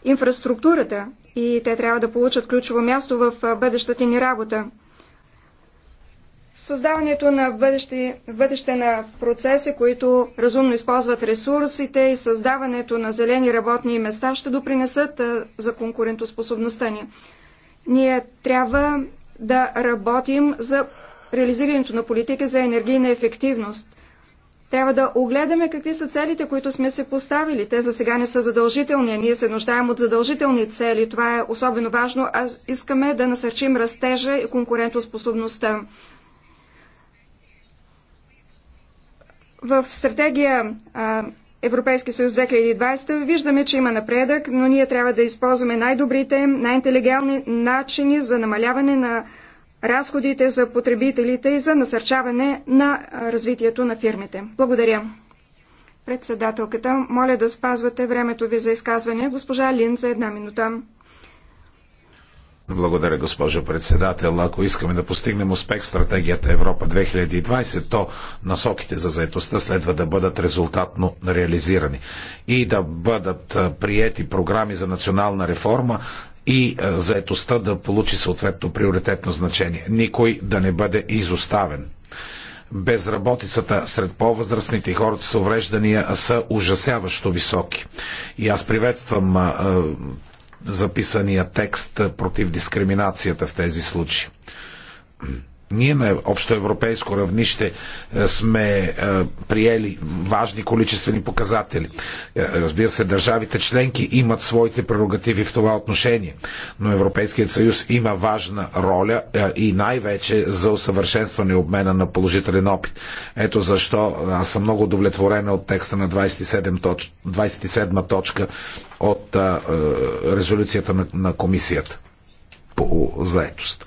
инфраструктурата и те трябва да получат ключово място в е, бъдещата ни работа. Създаването на бъдеще, бъдеще на процеси, които разумно използват ресурсите и създаването на зелени работни места ще допринесат е, за конкурентоспособността ни. Ние трябва да работим за реализирането на политика за енергийна ефективност. Трябва да огледаме какви са целите, които сме се поставили. Те за сега не са задължителни. Ние се нуждаем от задължителни цели. Това е особено важно. Аз искаме да насърчим растежа и конкурентоспособността. В стратегия Европейски съюз 2020 виждаме, че има напредък, но ние трябва да използваме най-добрите, най-интелигентни начини за намаляване на разходите за потребителите и за насърчаване на развитието на фирмите. Благодаря. Председателката, моля да спазвате времето ви за изказване. Госпожа Лин за една минута. Благодаря, госпожо председател. Ако искаме да постигнем успех в стратегията Европа 2020, то насоките за заетостта следва да бъдат резултатно реализирани и да бъдат приети програми за национална реформа и е, заетостта да получи съответно приоритетно значение. Никой да не бъде изоставен. Безработицата сред по-възрастните хората с увреждания са ужасяващо високи. И аз приветствам а, е, а, записания текст е, против дискриминацията в тези случаи ние на общоевропейско равнище е, сме е, приели важни количествени показатели. Е, разбира се, държавите членки имат своите прерогативи в това отношение, но Европейският съюз има важна роля и най-вече за усъвършенстване и обмена на положителен опит. Ето защо аз съм много удовлетворена от текста на 27 точ... 27 точка от резолюцията на комисията по заетост.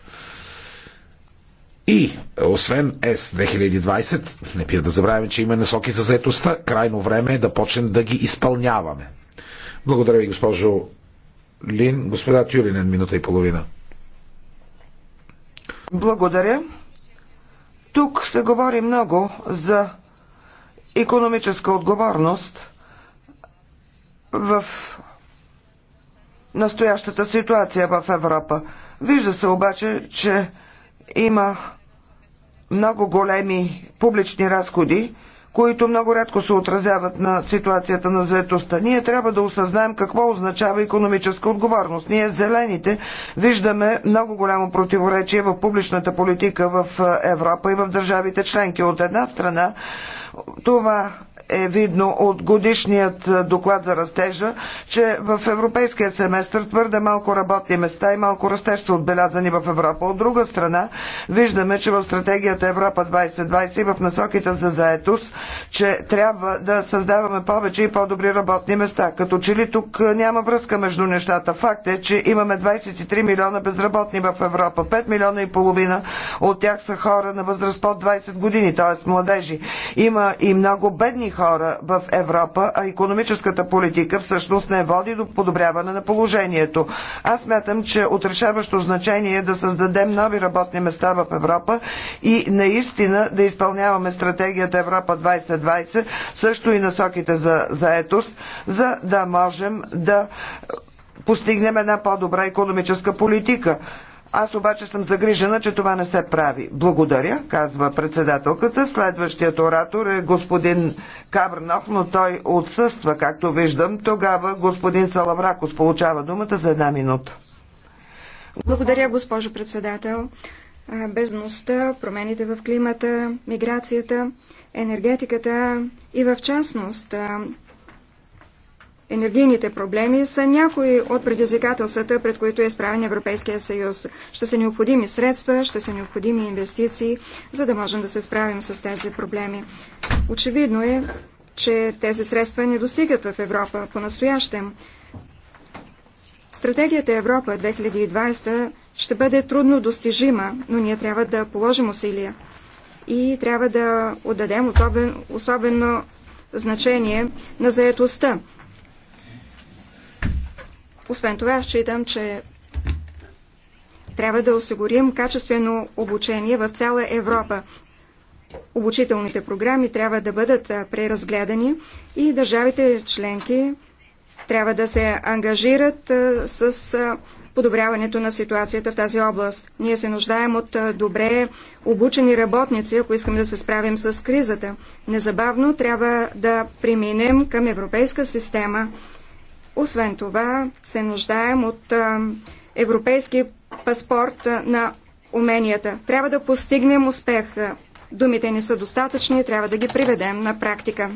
И освен С-2020, не пия да забравяме, че има насоки за заетостта, крайно време е да почнем да ги изпълняваме. Благодаря ви, госпожо Лин. Господа Тюринен, минута и половина. Благодаря. Тук се говори много за економическа отговорност в настоящата ситуация в Европа. Вижда се обаче, че има много големи публични разходи, които много рядко се отразяват на ситуацията на заетостта. Ние трябва да осъзнаем какво означава економическа отговорност. Ние, зелените, виждаме много голямо противоречие в публичната политика в Европа и в държавите членки. От една страна, това е видно от годишният доклад за растежа, че в европейския семестър твърде малко работни места и малко растеж са отбелязани в Европа. От друга страна, виждаме, че в стратегията Европа 2020 и в насоките за заетост, че трябва да създаваме повече и по-добри работни места. Като че ли тук няма връзка между нещата. Факт е, че имаме 23 милиона безработни в Европа. 5 милиона и половина от тях са хора на възраст под 20 години, т.е. младежи. Има и много бедни хора хора в Европа, а економическата политика всъщност не води до подобряване на положението. Аз смятам, че отрешаващо значение е да създадем нови работни места в Европа и наистина да изпълняваме стратегията Европа 2020, също и насоките за заетост, за да можем да постигнем една по-добра економическа политика. Аз обаче съм загрижена, че това не се прави. Благодаря, казва председателката. Следващият оратор е господин Кабрнов, но той отсъства, както виждам. Тогава господин Салавракос получава думата за една минута. Благодаря, госпожо председател. Безността, промените в климата, миграцията, енергетиката и в частност енергийните проблеми са някои от предизвикателствата, пред които е справен Европейския съюз. Ще са необходими средства, ще са необходими инвестиции, за да можем да се справим с тези проблеми. Очевидно е, че тези средства не достигат в Европа по-настоящем. Стратегията Европа 2020 ще бъде трудно достижима, но ние трябва да положим усилия и трябва да отдадем особено, особено значение на заетостта. Освен това, считам, че трябва да осигурим качествено обучение в цяла Европа. Обучителните програми трябва да бъдат преразгледани и държавите членки трябва да се ангажират с подобряването на ситуацията в тази област. Ние се нуждаем от добре обучени работници, ако искаме да се справим с кризата. Незабавно трябва да преминем към европейска система освен това, се нуждаем от европейски паспорт на уменията. Трябва да постигнем успех. Думите не са достатъчни, трябва да ги приведем на практика.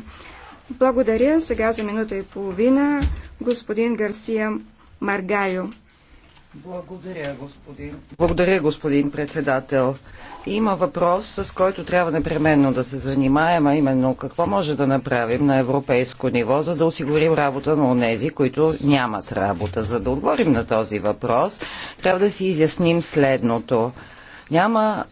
Благодаря. Сега за минута и половина господин Гарсия Маргайо. Благодаря, господин. Благодаря, господин председател има въпрос, с който трябва непременно да се занимаем, а именно какво може да направим на европейско ниво, за да осигурим работа на онези, които нямат работа. За да отговорим на този въпрос, трябва да си изясним следното. Няма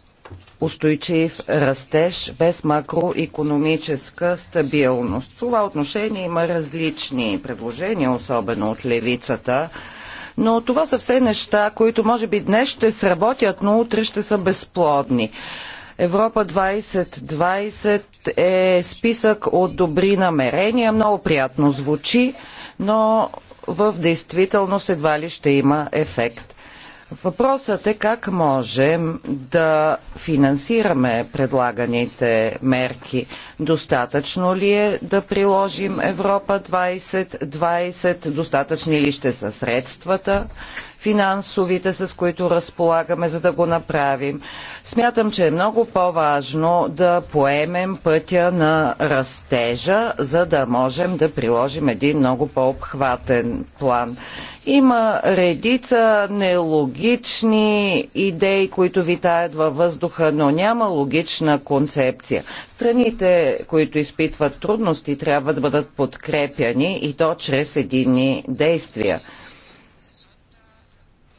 устойчив растеж без макроекономическа стабилност. В това отношение има различни предложения, особено от левицата. Но това са все неща, които може би днес ще сработят, но утре ще са безплодни. Европа 2020 е списък от добри намерения, много приятно звучи, но в действителност едва ли ще има ефект. Въпросът е как можем да финансираме предлаганите мерки. Достатъчно ли е да приложим Европа 2020? Достатъчни ли ще са средствата? финансовите, с които разполагаме, за да го направим. Смятам, че е много по-важно да поемем пътя на растежа, за да можем да приложим един много по-обхватен план. Има редица нелогични идеи, които витаят във въздуха, но няма логична концепция. Страните, които изпитват трудности, трябва да бъдат подкрепяни и то чрез единни действия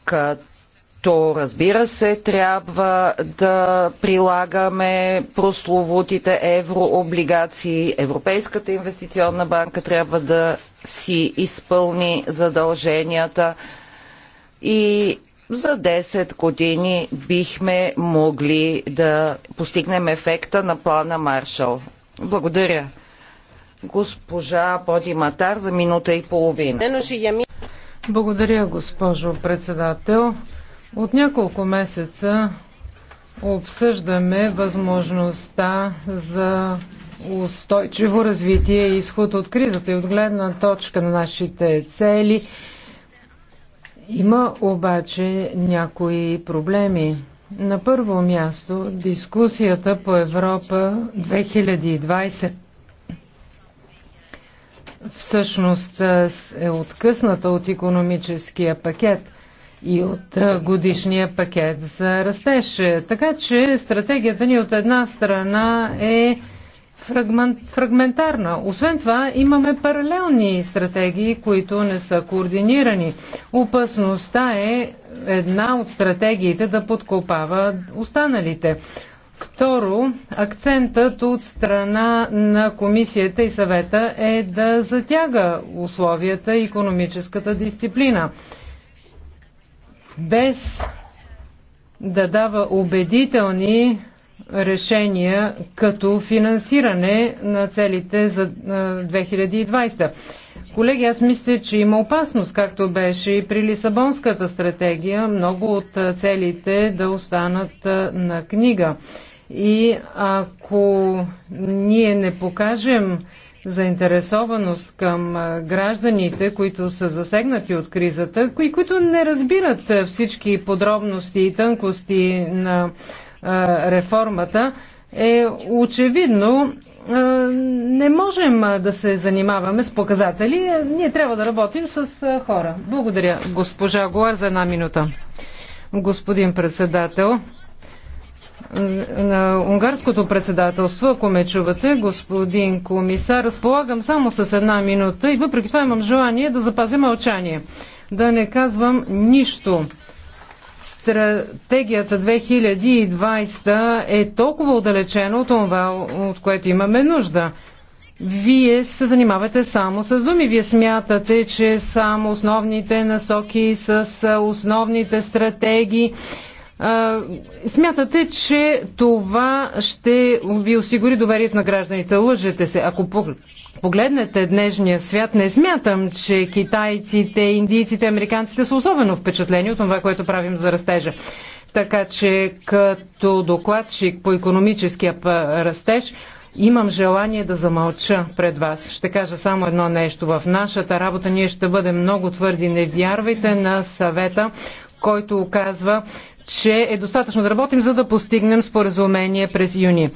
като разбира се трябва да прилагаме прословутите еврооблигации. Европейската инвестиционна банка трябва да си изпълни задълженията и за 10 години бихме могли да постигнем ефекта на плана Маршал. Благодаря. Госпожа Подиматар за минута и половина. Благодаря, госпожо председател. От няколко месеца обсъждаме възможността за устойчиво развитие и изход от кризата и от гледна точка на нашите цели. Има обаче някои проблеми. На първо място дискусията по Европа 2020 всъщност е откъсната от економическия пакет и от годишния пакет за растеж. Така че стратегията ни от една страна е фрагментарна. Освен това, имаме паралелни стратегии, които не са координирани. Опасността е една от стратегиите да подкопава останалите. Второ, акцентът от страна на комисията и съвета е да затяга условията и економическата дисциплина, без да дава убедителни решения като финансиране на целите за 2020. Колеги, аз мисля, че има опасност, както беше и при Лисабонската стратегия, много от целите да останат на книга. И ако ние не покажем заинтересованост към гражданите, които са засегнати от кризата, кои, които не разбират всички подробности и тънкости на реформата, е очевидно е, не можем да се занимаваме с показатели. Е, ние трябва да работим с хора. Благодаря, госпожа Гуар, за една минута. Господин председател, е, на унгарското председателство, ако ме чувате, господин комисар, разполагам само с една минута и въпреки това имам желание да запазя мълчание. Да не казвам нищо стратегията 2020 е толкова отдалечена от това, от което имаме нужда. Вие се занимавате само с думи. Вие смятате, че само основните насоки с основните стратегии смятате, че това ще ви осигури доверието на гражданите. Лъжете се. Ако погледнете днешния свят, не смятам, че китайците, индийците, американците са особено впечатлени от това, което правим за растежа. Така че като докладчик по економическия растеж, имам желание да замълча пред вас. Ще кажа само едно нещо. В нашата работа ние ще бъдем много твърди. Не вярвайте на съвета, който оказва че е достатъчно да работим, за да постигнем споразумение през юни.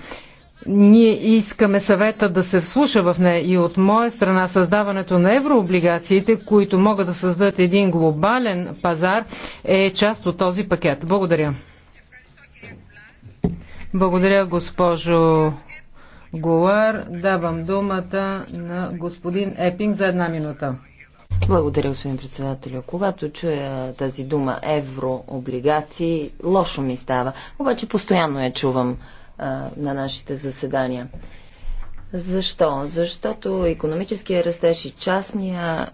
Ние искаме съвета да се вслуша в нея и от моя страна създаването на еврооблигациите, които могат да създадат един глобален пазар, е част от този пакет. Благодаря. Благодаря, госпожо Голар. Давам думата на господин Епинг за една минута. Благодаря, господин председател. Когато чуя тази дума еврооблигации, лошо ми става. Обаче постоянно я чувам а, на нашите заседания. Защо? Защото економическия растеж и частния,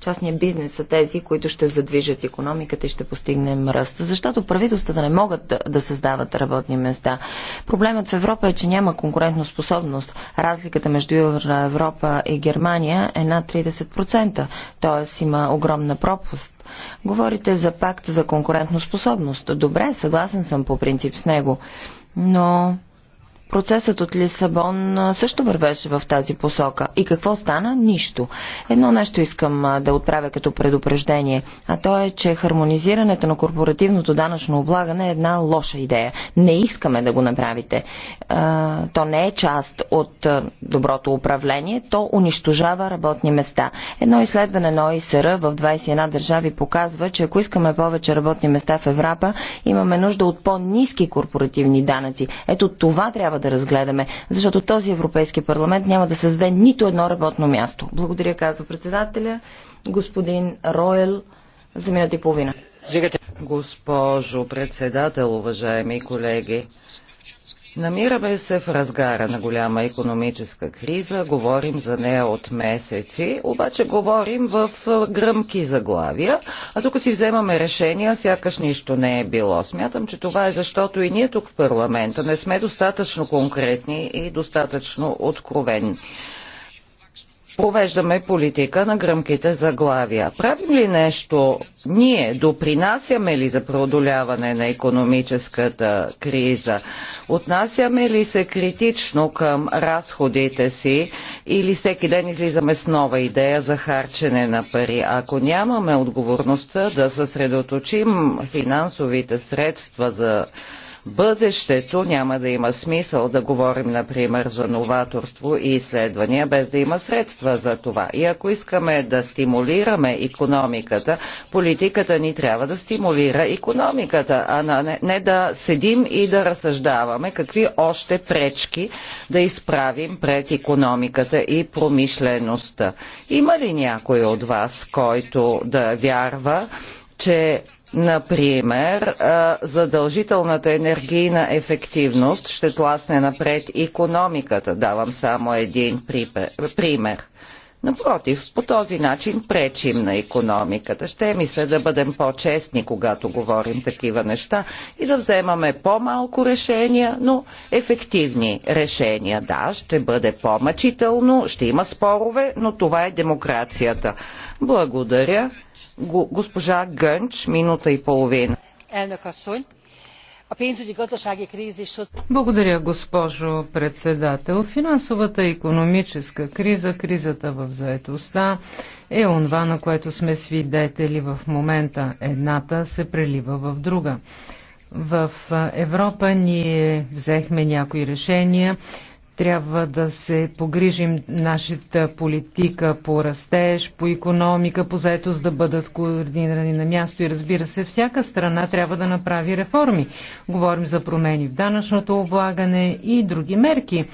частния бизнес са тези, които ще задвижат економиката и ще постигнем ръст. Защото правителствата не могат да, да създават работни места. Проблемът в Европа е, че няма конкурентно способност. Разликата между Европа и Германия е над 30%. Тоест има огромна пропуст. Говорите за пакт за конкурентно способност. Добре, съгласен съм по принцип с него. Но Процесът от Лисабон също вървеше в тази посока. И какво стана? Нищо. Едно нещо искам да отправя като предупреждение, а то е, че хармонизирането на корпоративното данъчно облагане е една лоша идея. Не искаме да го направите. То не е част от доброто управление, то унищожава работни места. Едно изследване на ОИСР в 21 държави показва, че ако искаме повече работни места в Европа, имаме нужда от по-низки корпоративни данъци. Ето това трябва трябва да разгледаме, защото този Европейски парламент няма да създаде нито едно работно място. Благодаря, казва председателя, господин Роел за минута и половина. Госпожо председател, уважаеми колеги, Намираме се в разгара на голяма економическа криза, говорим за нея от месеци, обаче говорим в гръмки заглавия, а тук си вземаме решения, сякаш нищо не е било. Смятам, че това е защото и ние тук в парламента не сме достатъчно конкретни и достатъчно откровени провеждаме политика на гръмките заглавия. Правим ли нещо ние? Допринасяме ли за преодоляване на економическата криза? Отнасяме ли се критично към разходите си или всеки ден излизаме с нова идея за харчене на пари? Ако нямаме отговорността да съсредоточим финансовите средства за бъдещето няма да има смисъл да говорим, например, за новаторство и изследвания, без да има средства за това. И ако искаме да стимулираме економиката, политиката ни трябва да стимулира економиката, а не, не да седим и да разсъждаваме какви още пречки да изправим пред економиката и промишлеността. Има ли някой от вас, който да вярва, че Например, задължителната енергийна ефективност ще тласне напред економиката. Давам само един пример. Напротив, по този начин пречим на економиката. Ще мисля да бъдем по-честни, когато говорим такива неща и да вземаме по-малко решения, но ефективни решения. Да, ще бъде по-мъчително, ще има спорове, но това е демокрацията. Благодаря. Госпожа Гънч, минута и половина. Благодаря, госпожо председател. Финансовата и економическа криза, кризата в заетостта е онва, на което сме свидетели в момента. Едната се прелива в друга. В Европа ние взехме някои решения, трябва да се погрижим нашата политика по растеж, по економика, по заетост да бъдат координирани на място и разбира се, всяка страна трябва да направи реформи. Говорим за промени в данъчното облагане и други мерки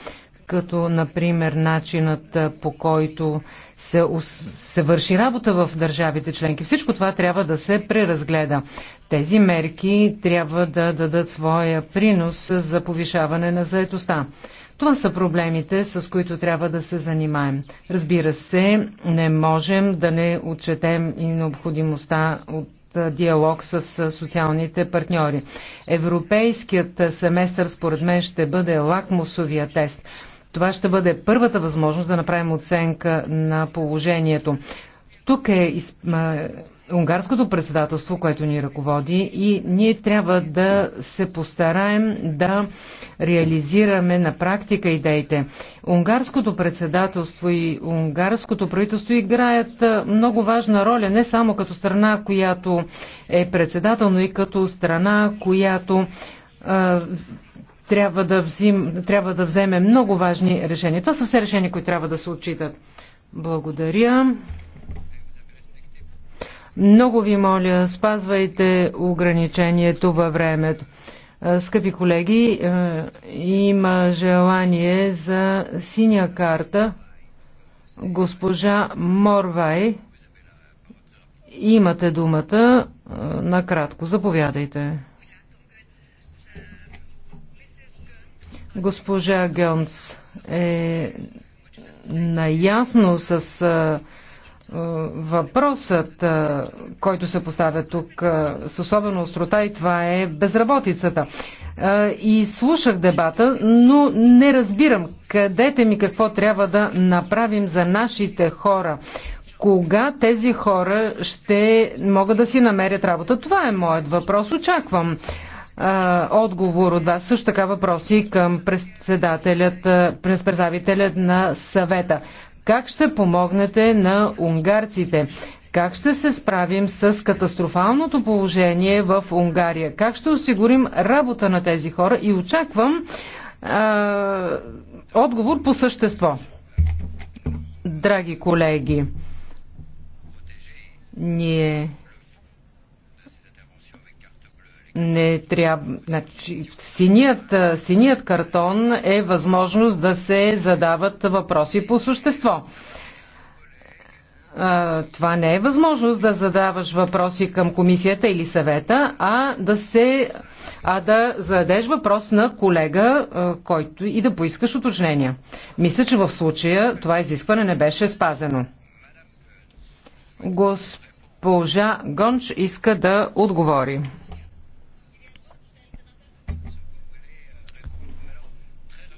като например начинът по който се, се върши работа в държавите членки. Всичко това трябва да се преразгледа. Тези мерки трябва да дадат своя принос за повишаване на заетостта. Това са проблемите, с които трябва да се занимаем. Разбира се, не можем да не отчетем и необходимостта от диалог с социалните партньори. Европейският семестър, според мен, ще бъде лакмусовия тест. Това ще бъде първата възможност да направим оценка на положението. Тук е унгарското председателство, което ни ръководи и ние трябва да се постараем да реализираме на практика идеите. Унгарското председателство и унгарското правителство играят много важна роля, не само като страна, която е председател, но и като страна, която трябва да, взим, трябва да вземе много важни решения. Това са все решения, които трябва да се отчитат. Благодаря. Много ви моля, спазвайте ограничението във времето. Е, скъпи колеги, е, има желание за синя карта. Госпожа Морвай, имате думата. Е, накратко, заповядайте. Госпожа Гьонц е наясно с е, въпросът, е, който се поставя тук е, с особено острота и това е безработицата. И слушах дебата, но не разбирам къдете ми какво трябва да направим за нашите хора. Кога тези хора ще могат да си намерят работа? Това е моят въпрос. Очаквам отговор от вас. Също така въпроси към председателят, представителят на съвета. Как ще помогнете на унгарците? Как ще се справим с катастрофалното положение в Унгария? Как ще осигурим работа на тези хора? И очаквам а, отговор по същество. Драги колеги, ние не трябва. Значи, синият, синият картон е възможност да се задават въпроси по същество. Това не е възможност да задаваш въпроси към комисията или съвета, а да, се, а да зададеш въпрос на колега който, и да поискаш уточнения. Мисля, че в случая това изискване не беше спазено. Госпожа Гонч иска да отговори.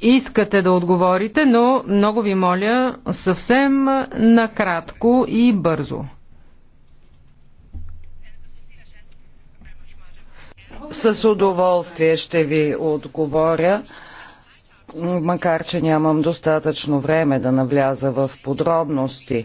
искате да отговорите, но много ви моля съвсем накратко и бързо. С удоволствие ще ви отговоря, макар че нямам достатъчно време да навляза в подробности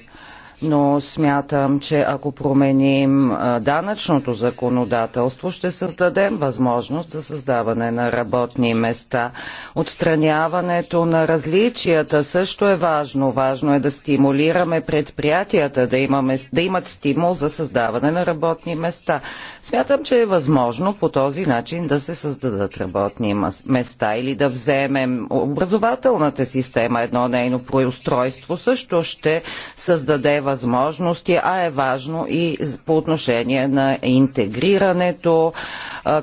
но смятам, че ако променим данъчното законодателство, ще създадем възможност за създаване на работни места. Отстраняването на различията също е важно. Важно е да стимулираме предприятията да, имаме, да имат стимул за създаване на работни места. Смятам, че е възможно по този начин да се създадат работни места или да вземем образователната система, едно нейно преустройство също ще създаде възможности, а е важно и по отношение на интегрирането,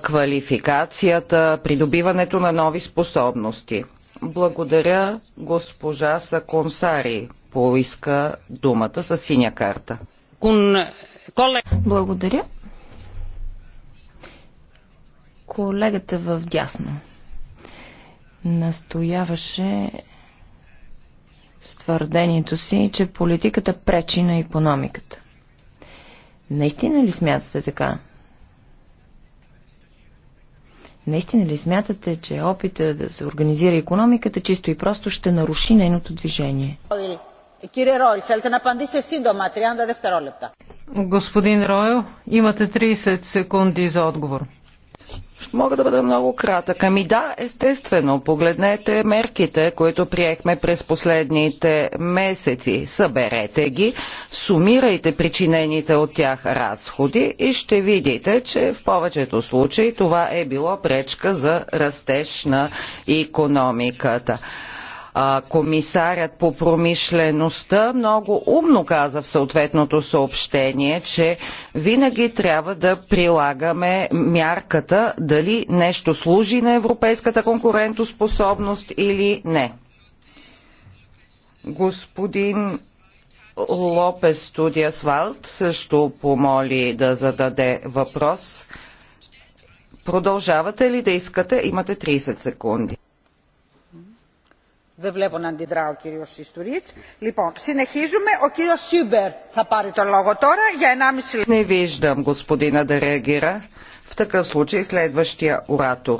квалификацията, придобиването на нови способности. Благодаря госпожа Саконсари поиска думата с синя карта. Благодаря. Колегата в дясно настояваше с твърдението си, че политиката пречи на економиката. Наистина ли смятате така? Наистина ли смятате, че опита да се организира економиката чисто и просто ще наруши нейното движение? Господин Ройл, имате 30 секунди за отговор. Мога да бъда много кратък. Ами да, естествено, погледнете мерките, които приехме през последните месеци. Съберете ги, сумирайте причинените от тях разходи и ще видите, че в повечето случаи това е било пречка за растеж на економиката комисарят по промишлеността много умно каза в съответното съобщение, че винаги трябва да прилагаме мярката дали нещо служи на европейската конкурентоспособност или не. Господин Лопес Студиас Валт също помоли да зададе въпрос. Продължавате ли да искате? Имате 30 секунди. Δεν βλέπω να αντιδρά ο κύριος Λοιπόν, συνεχίζουμε. Ο κύριος θα πάρει το λόγο τώρα για 1,5 Не виждам господина да реагира. В такъв случай следващия оратор.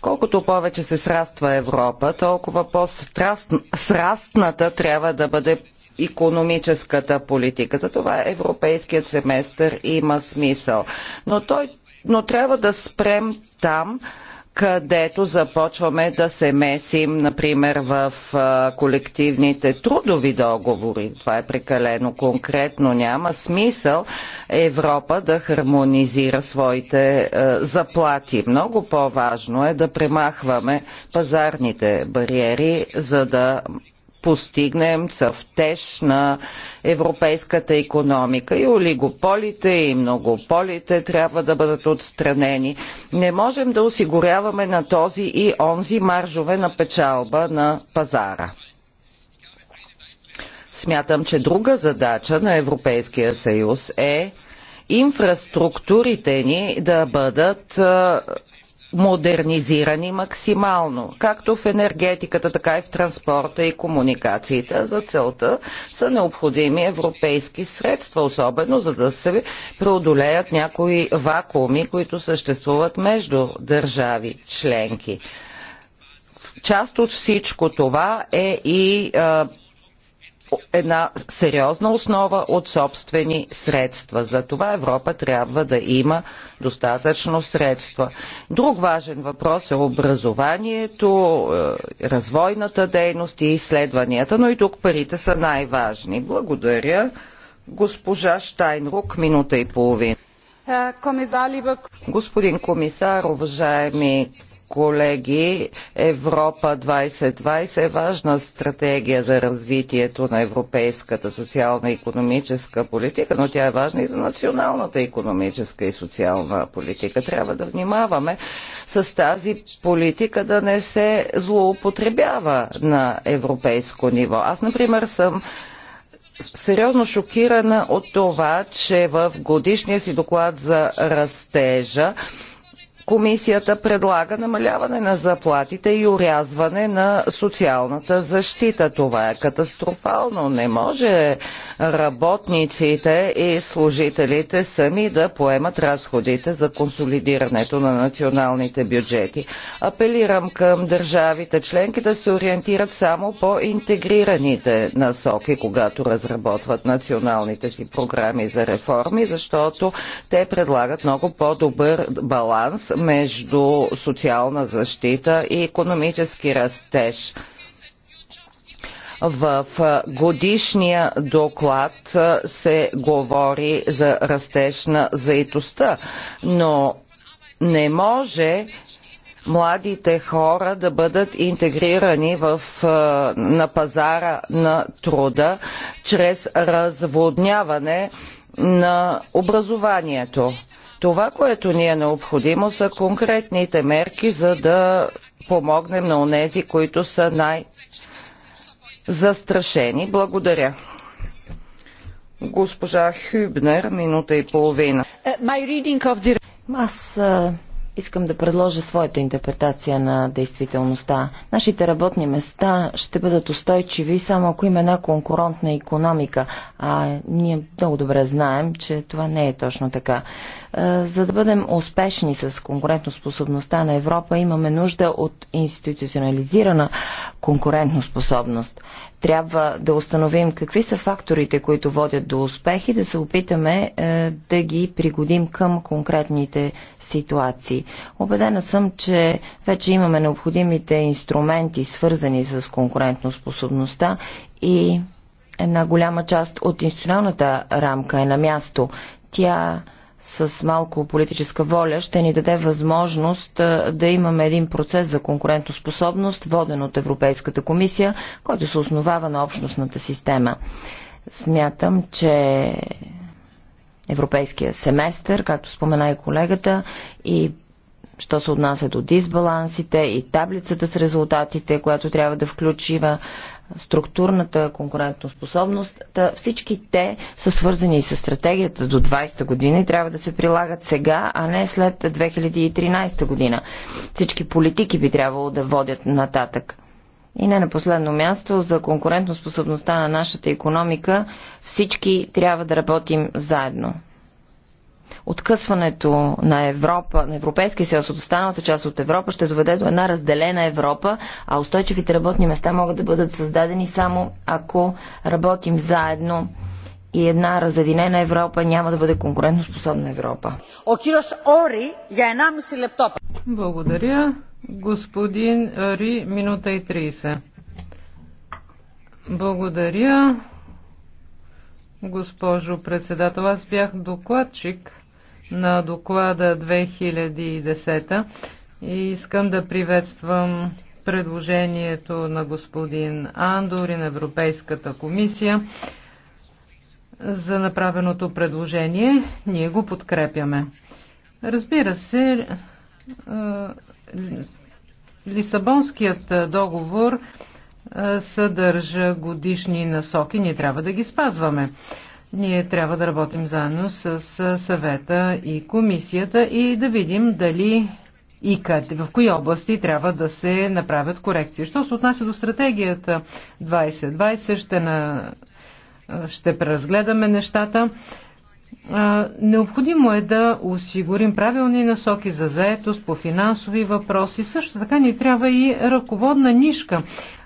Колкото повече се сраства Европа, толкова по-срастната трябва да бъде економическата политика. Затова европейският семестър има смисъл. Но, той, но трябва да спрем там, където започваме да се месим, например, в колективните трудови договори. Това е прекалено конкретно. Няма смисъл Европа да хармонизира своите заплати. Много по-важно е да премахваме пазарните бариери, за да постигнем цъфтеж на европейската економика. И олигополите, и многополите трябва да бъдат отстранени. Не можем да осигуряваме на този и онзи маржове на печалба на пазара. Смятам, че друга задача на Европейския съюз е инфраструктурите ни да бъдат модернизирани максимално, както в енергетиката, така и в транспорта и комуникациите. За целта са необходими европейски средства, особено за да се преодолеят някои вакууми, които съществуват между държави членки. Част от всичко това е и а, една сериозна основа от собствени средства. За това Европа трябва да има достатъчно средства. Друг важен въпрос е образованието, е, развойната дейност и изследванията, но и тук парите са най-важни. Благодаря. Госпожа Штайнрук, минута и половина. Е, Господин комисар, уважаеми колеги, Европа 2020 е важна стратегия за развитието на европейската социална и економическа политика, но тя е важна и за националната економическа и социална политика. Трябва да внимаваме с тази политика да не се злоупотребява на европейско ниво. Аз, например, съм сериозно шокирана от това, че в годишния си доклад за растежа Комисията предлага намаляване на заплатите и урязване на социалната защита. Това е катастрофално. Не може работниците и служителите сами да поемат разходите за консолидирането на националните бюджети. Апелирам към държавите членки да се ориентират само по интегрираните насоки, когато разработват националните си програми за реформи, защото те предлагат много по-добър баланс между социална защита и економически растеж. В годишния доклад се говори за растеж на заетостта, но не може младите хора да бъдат интегрирани в, на пазара на труда чрез разводняване на образованието. Това, което ни е необходимо, са конкретните мерки, за да помогнем на онези, които са най-застрашени. Благодаря. Госпожа Хюбнер, минута и половина. Е, Аз Искам да предложа своята интерпретация на действителността. Нашите работни места ще бъдат устойчиви само ако има една конкурентна економика, а ние много добре знаем, че това не е точно така. Е, за да бъдем успешни с конкурентоспособността на Европа, имаме нужда от институционализирана конкурентоспособност. Трябва да установим какви са факторите, които водят до успех и да се опитаме е, да ги пригодим към конкретните ситуации. Обедена съм, че вече имаме необходимите инструменти, свързани с конкурентоспособността и една голяма част от институционалната рамка е на място. Тя с малко политическа воля ще ни даде възможност да имаме един процес за конкурентоспособност, воден от Европейската комисия, който се основава на общностната система. Смятам, че европейския семестър, както спомена и колегата, и що се отнася до дисбалансите и таблицата с резултатите, която трябва да включива структурната конкурентоспособност, та всички те са свързани с стратегията до 20-та година и трябва да се прилагат сега, а не след 2013 година. Всички политики би трябвало да водят нататък. И не на последно място, за конкурентоспособността на нашата економика всички трябва да работим заедно откъсването на Европа, на Европейския съюз от останалата част от Европа ще доведе до една разделена Европа, а устойчивите работни места могат да бъдат създадени само ако работим заедно и една разединена Европа няма да бъде конкурентоспособна Европа. Благодаря. Господин Ри, минута и 30. Благодаря, госпожо председател. Аз бях докладчик на доклада 2010 и искам да приветствам предложението на господин Андор и на Европейската комисия за направеното предложение. Ние го подкрепяме. Разбира се, е, Лисабонският договор е, съдържа годишни насоки. Ние трябва да ги спазваме. Ние трябва да работим заедно с съвета и комисията и да видим дали и къде, в кои области трябва да се направят корекции. Що се отнася до стратегията 2020, ще, на, ще преразгледаме нещата. Необходимо е да осигурим правилни насоки за заетост по финансови въпроси. Също така ни трябва и ръководна нишка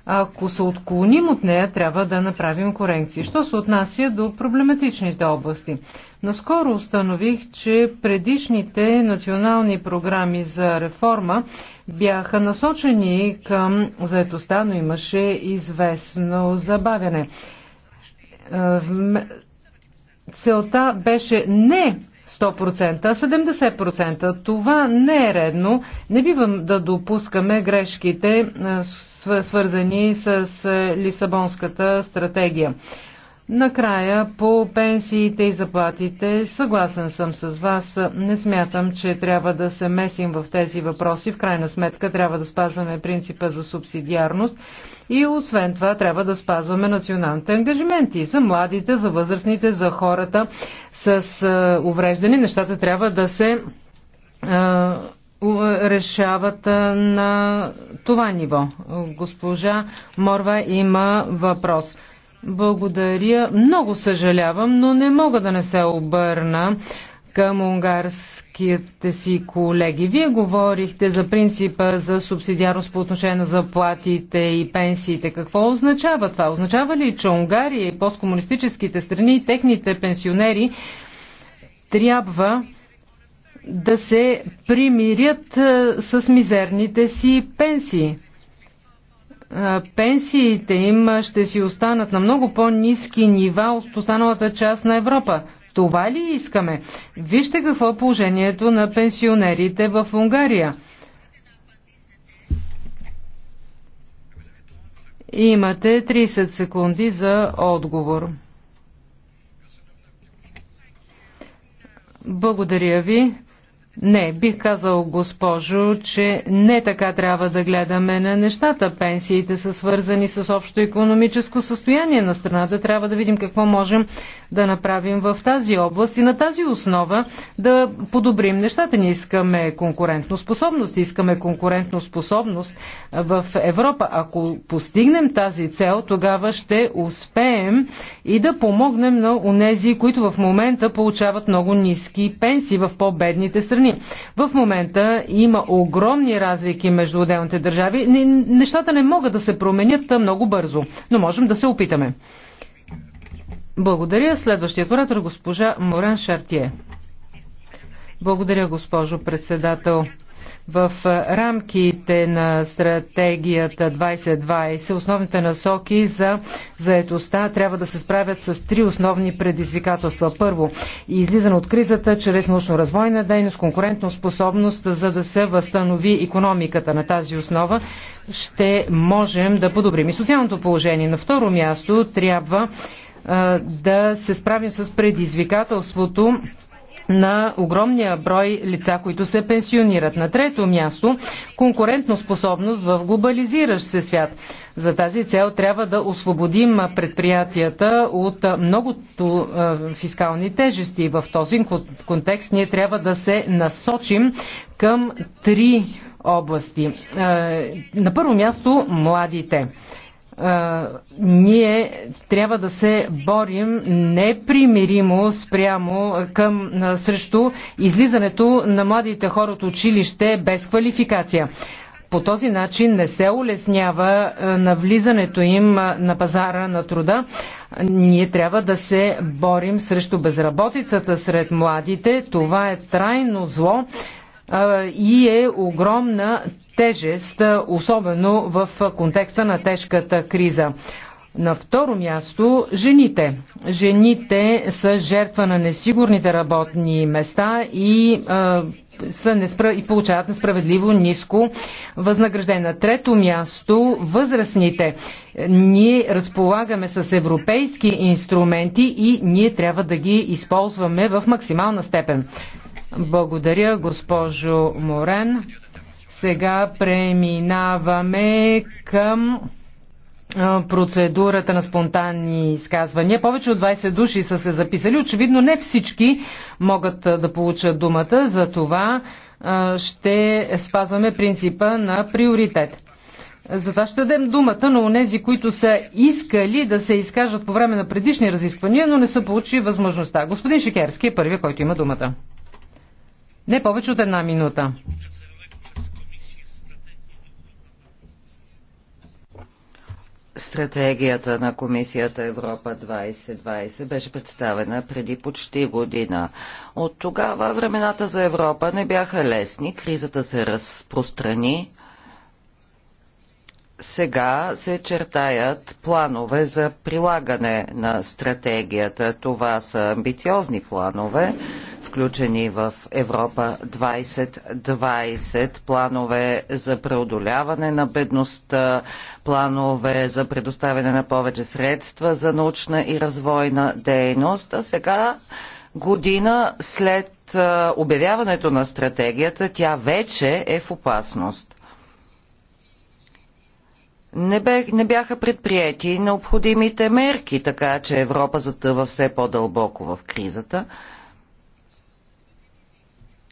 ако се отклоним от нея, трябва да направим корекции. Що се отнася до проблематичните области? Наскоро установих, че предишните национални програми за реформа бяха насочени към заетостта, но имаше известно забавяне. Е, целта беше не 100%, а 70%. Това не е редно. Не бивам да допускаме грешките, свързани с Лисабонската стратегия. Накрая, по пенсиите и заплатите, съгласен съм с вас. Не смятам, че трябва да се месим в тези въпроси. В крайна сметка трябва да спазваме принципа за субсидиарност и освен това трябва да спазваме националните ангажименти за младите, за възрастните, за хората с увреждане. Нещата трябва да се решават на това ниво. Госпожа Морва има въпрос. Благодаря. Много съжалявам, но не мога да не се обърна към унгарските си колеги. Вие говорихте за принципа за субсидиарност по отношение на заплатите и пенсиите. Какво означава това? Означава ли, че Унгария и посткомунистическите страни и техните пенсионери трябва да се примирят с мизерните си пенсии? пенсиите им ще си останат на много по-низки нива от останалата част на Европа. Това ли искаме? Вижте какво е положението на пенсионерите в Унгария. Имате 30 секунди за отговор. Благодаря ви. Не, бих казал, госпожо, че не така трябва да гледаме на нещата. Пенсиите са свързани с общо економическо състояние на страната. Трябва да видим какво можем да направим в тази област и на тази основа да подобрим нещата. Ние искаме конкурентно способност, искаме конкурентно способност в Европа. Ако постигнем тази цел, тогава ще успеем и да помогнем на унези, които в момента получават много ниски пенсии в по-бедните страни. В момента има огромни разлики между отделните държави. Нещата не могат да се променят много бързо, но можем да се опитаме. Благодаря. Следващият оратор е госпожа Моран Шартие. Благодаря, госпожо председател. В рамките на стратегията 2020 основните насоки за заетостта трябва да се справят с три основни предизвикателства. Първо, излизане от кризата чрез научно-развойна дейност, конкурентно способност, за да се възстанови економиката на тази основа ще можем да подобрим и социалното положение. На второ място трябва да се справим с предизвикателството на огромния брой лица, които се пенсионират. На трето място конкурентно способност в глобализиращ се свят. За тази цел трябва да освободим предприятията от многото фискални тежести. В този контекст ние трябва да се насочим към три области. На първо място младите ние трябва да се борим непримиримо спрямо към, срещу излизането на младите хора от училище без квалификация. По този начин не се улеснява навлизането им на пазара на труда. Ние трябва да се борим срещу безработицата сред младите. Това е трайно зло, и е огромна тежест, особено в контекста на тежката криза. На второ място жените. Жените са жертва на несигурните работни места и, е, са неспра... и получават несправедливо ниско възнаграждение. На трето място възрастните. Ние разполагаме с европейски инструменти и ние трябва да ги използваме в максимална степен. Благодаря, госпожо Морен. Сега преминаваме към процедурата на спонтанни изказвания. Повече от 20 души са се записали. Очевидно не всички могат да получат думата, за това ще спазваме принципа на приоритет. Затова ще дадем думата на онези, които са искали да се изкажат по време на предишни разисквания, но не са получили възможността. Господин Шикерски е първият, който има думата. Не повече от една минута. Стратегията на Комисията Европа 2020 беше представена преди почти година. От тогава времената за Европа не бяха лесни, кризата се разпространи. Сега се чертаят планове за прилагане на стратегията. Това са амбициозни планове, включени в Европа 2020, планове за преодоляване на бедността, планове за предоставяне на повече средства за научна и развойна дейност. А сега, година след обявяването на стратегията, тя вече е в опасност. Не, бе, не бяха предприяти необходимите мерки, така че Европа затъва все по-дълбоко в кризата –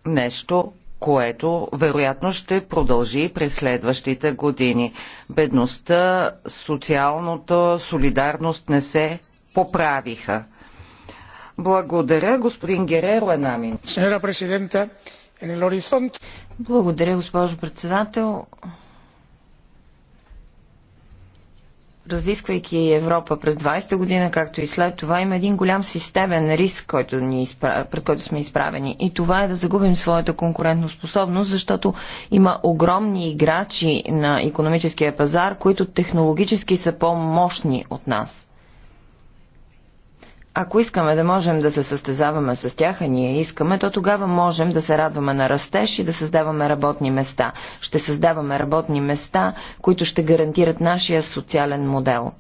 нещо, което вероятно ще продължи през следващите години. Бедността, социалната солидарност не се поправиха. Благодаря, господин Гереро Енамин. Благодаря, госпожо председател. разисквайки Европа през 20-та година, както и след това, има един голям системен риск, който ни изправ... пред който сме изправени. И това е да загубим своята конкурентоспособност, защото има огромни играчи на економическия пазар, които технологически са по-мощни от нас. Ако искаме да можем да се състезаваме с тях, а ние искаме, то тогава можем да се радваме на растеж и да създаваме работни места. Ще създаваме работни места, които ще гарантират нашия социален модел.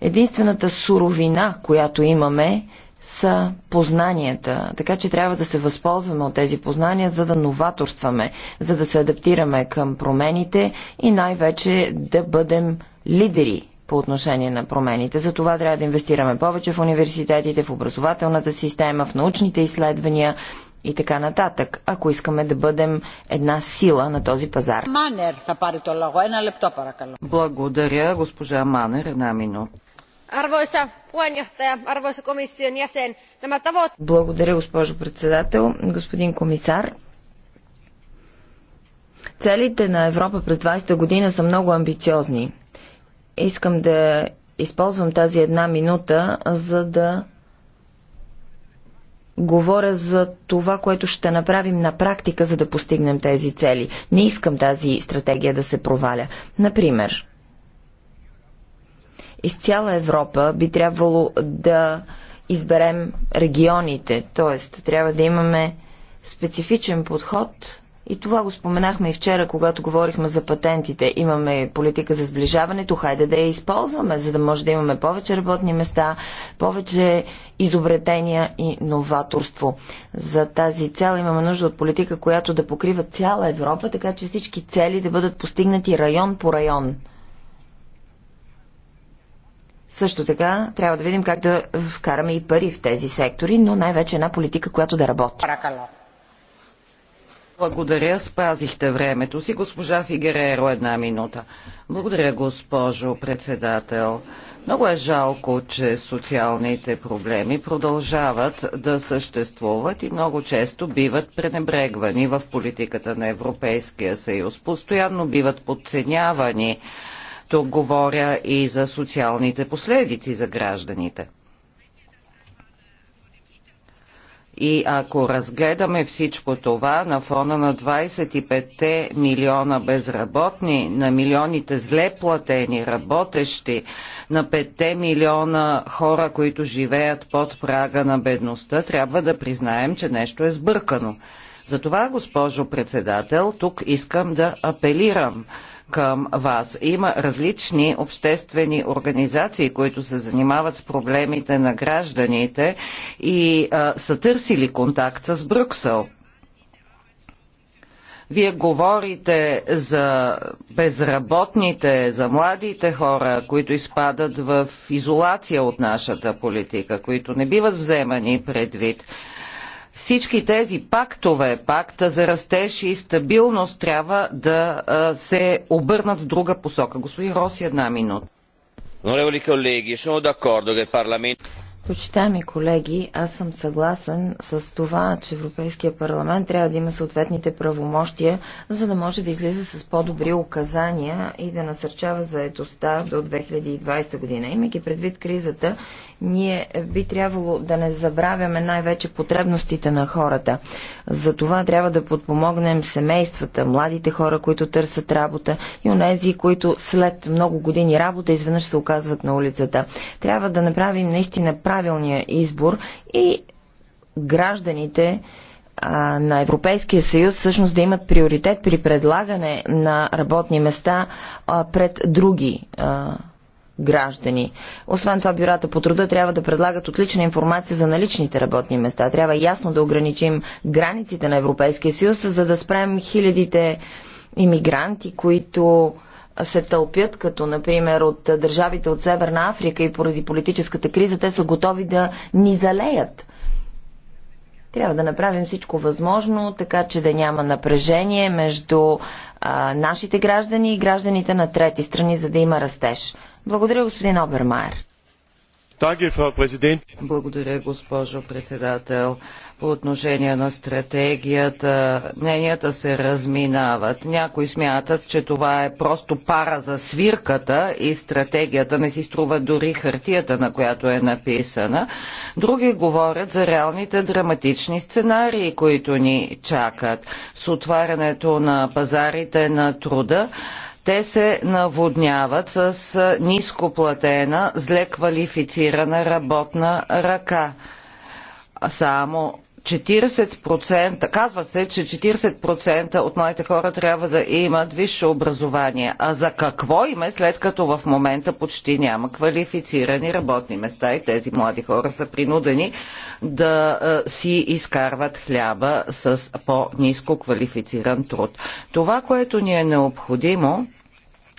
Единствената суровина, която имаме, са познанията. Така че трябва да се възползваме от тези познания, за да новаторстваме, за да се адаптираме към промените и най-вече да бъдем лидери по отношение на промените. За това трябва да инвестираме повече в университетите, в образователната система, в научните изследвания и така нататък, ако искаме да бъдем една сила на този пазар. Манер, θα пари το λόγο. Ένα λεπτό, παρακαλώ. Благодаря, госпожа Манер. Една минута. Arvoisa puheenjohtaja, arvoisa komission jäsen, nämä tavoitteet... Благодаря, госпожо председател, господин комисар. Целите на Европа през 20-та година са много амбициозни. Искам да използвам тази една минута, за да говоря за това, което ще направим на практика, за да постигнем тези цели. Не искам тази стратегия да се проваля. Например, из цяла Европа би трябвало да изберем регионите, т.е. трябва да имаме специфичен подход и това го споменахме и вчера, когато говорихме за патентите. Имаме политика за сближаването, хайде да я използваме, за да може да имаме повече работни места, повече изобретения и новаторство. За тази цел имаме нужда от политика, която да покрива цяла Европа, така че всички цели да бъдат постигнати район по район. Също така трябва да видим как да вкараме и пари в тези сектори, но най-вече една политика, която да работи. Благодаря, спазихте времето си. Госпожа Фигереро, една минута. Благодаря, госпожо председател. Много е жалко, че социалните проблеми продължават да съществуват и много често биват пренебрегвани в политиката на Европейския съюз. Постоянно биват подценявани. Тук говоря и за социалните последици за гражданите. И ако разгледаме всичко това на фона на 25-те милиона безработни, на милионите зле платени работещи, на 5-те милиона хора, които живеят под прага на бедността, трябва да признаем, че нещо е сбъркано. Затова, госпожо председател, тук искам да апелирам – към вас. Има различни обществени организации, които се занимават с проблемите на гражданите и а, са търсили контакт с Брюксел. Вие говорите за безработните, за младите хора, които изпадат в изолация от нашата политика, които не биват вземани предвид. Всички тези пактове, пакта за растеж и стабилност трябва да се обърнат в друга посока. Господин Роси, една минута. Почитаеми колеги, аз съм съгласен с това, че Европейския парламент трябва да има съответните правомощия, за да може да излиза с по-добри указания и да насърчава заедостта до 2020 година. Имайки предвид кризата ние би трябвало да не забравяме най-вече потребностите на хората. За това трябва да подпомогнем семействата, младите хора, които търсят работа и онези, които след много години работа изведнъж се оказват на улицата. Трябва да направим наистина правилния избор и гражданите, на Европейския съюз всъщност да имат приоритет при предлагане на работни места пред други граждани. Освен това, бюрата по труда трябва да предлагат отлична информация за наличните работни места. Трябва ясно да ограничим границите на Европейския съюз, за да спрем хилядите иммигранти, които се тълпят, като например от държавите от Северна Африка и поради политическата криза, те са готови да ни залеят. Трябва да направим всичко възможно, така че да няма напрежение между а, нашите граждани и гражданите на трети страни, за да има растеж. Благодаря, господин Обермайер. Благодаря, госпожо председател. По отношение на стратегията, мненията се разминават. Някои смятат, че това е просто пара за свирката и стратегията не си струва дори хартията, на която е написана. Други говорят за реалните драматични сценарии, които ни чакат. С отварянето на пазарите на труда те се наводняват с нископлатена, зле квалифицирана работна ръка. Само 40%, казва се, че 40% от младите хора трябва да имат висше образование. А за какво име, след като в момента почти няма квалифицирани работни места и тези млади хора са принудени да е, си изкарват хляба с по-низко квалифициран труд. Това, което ни е необходимо,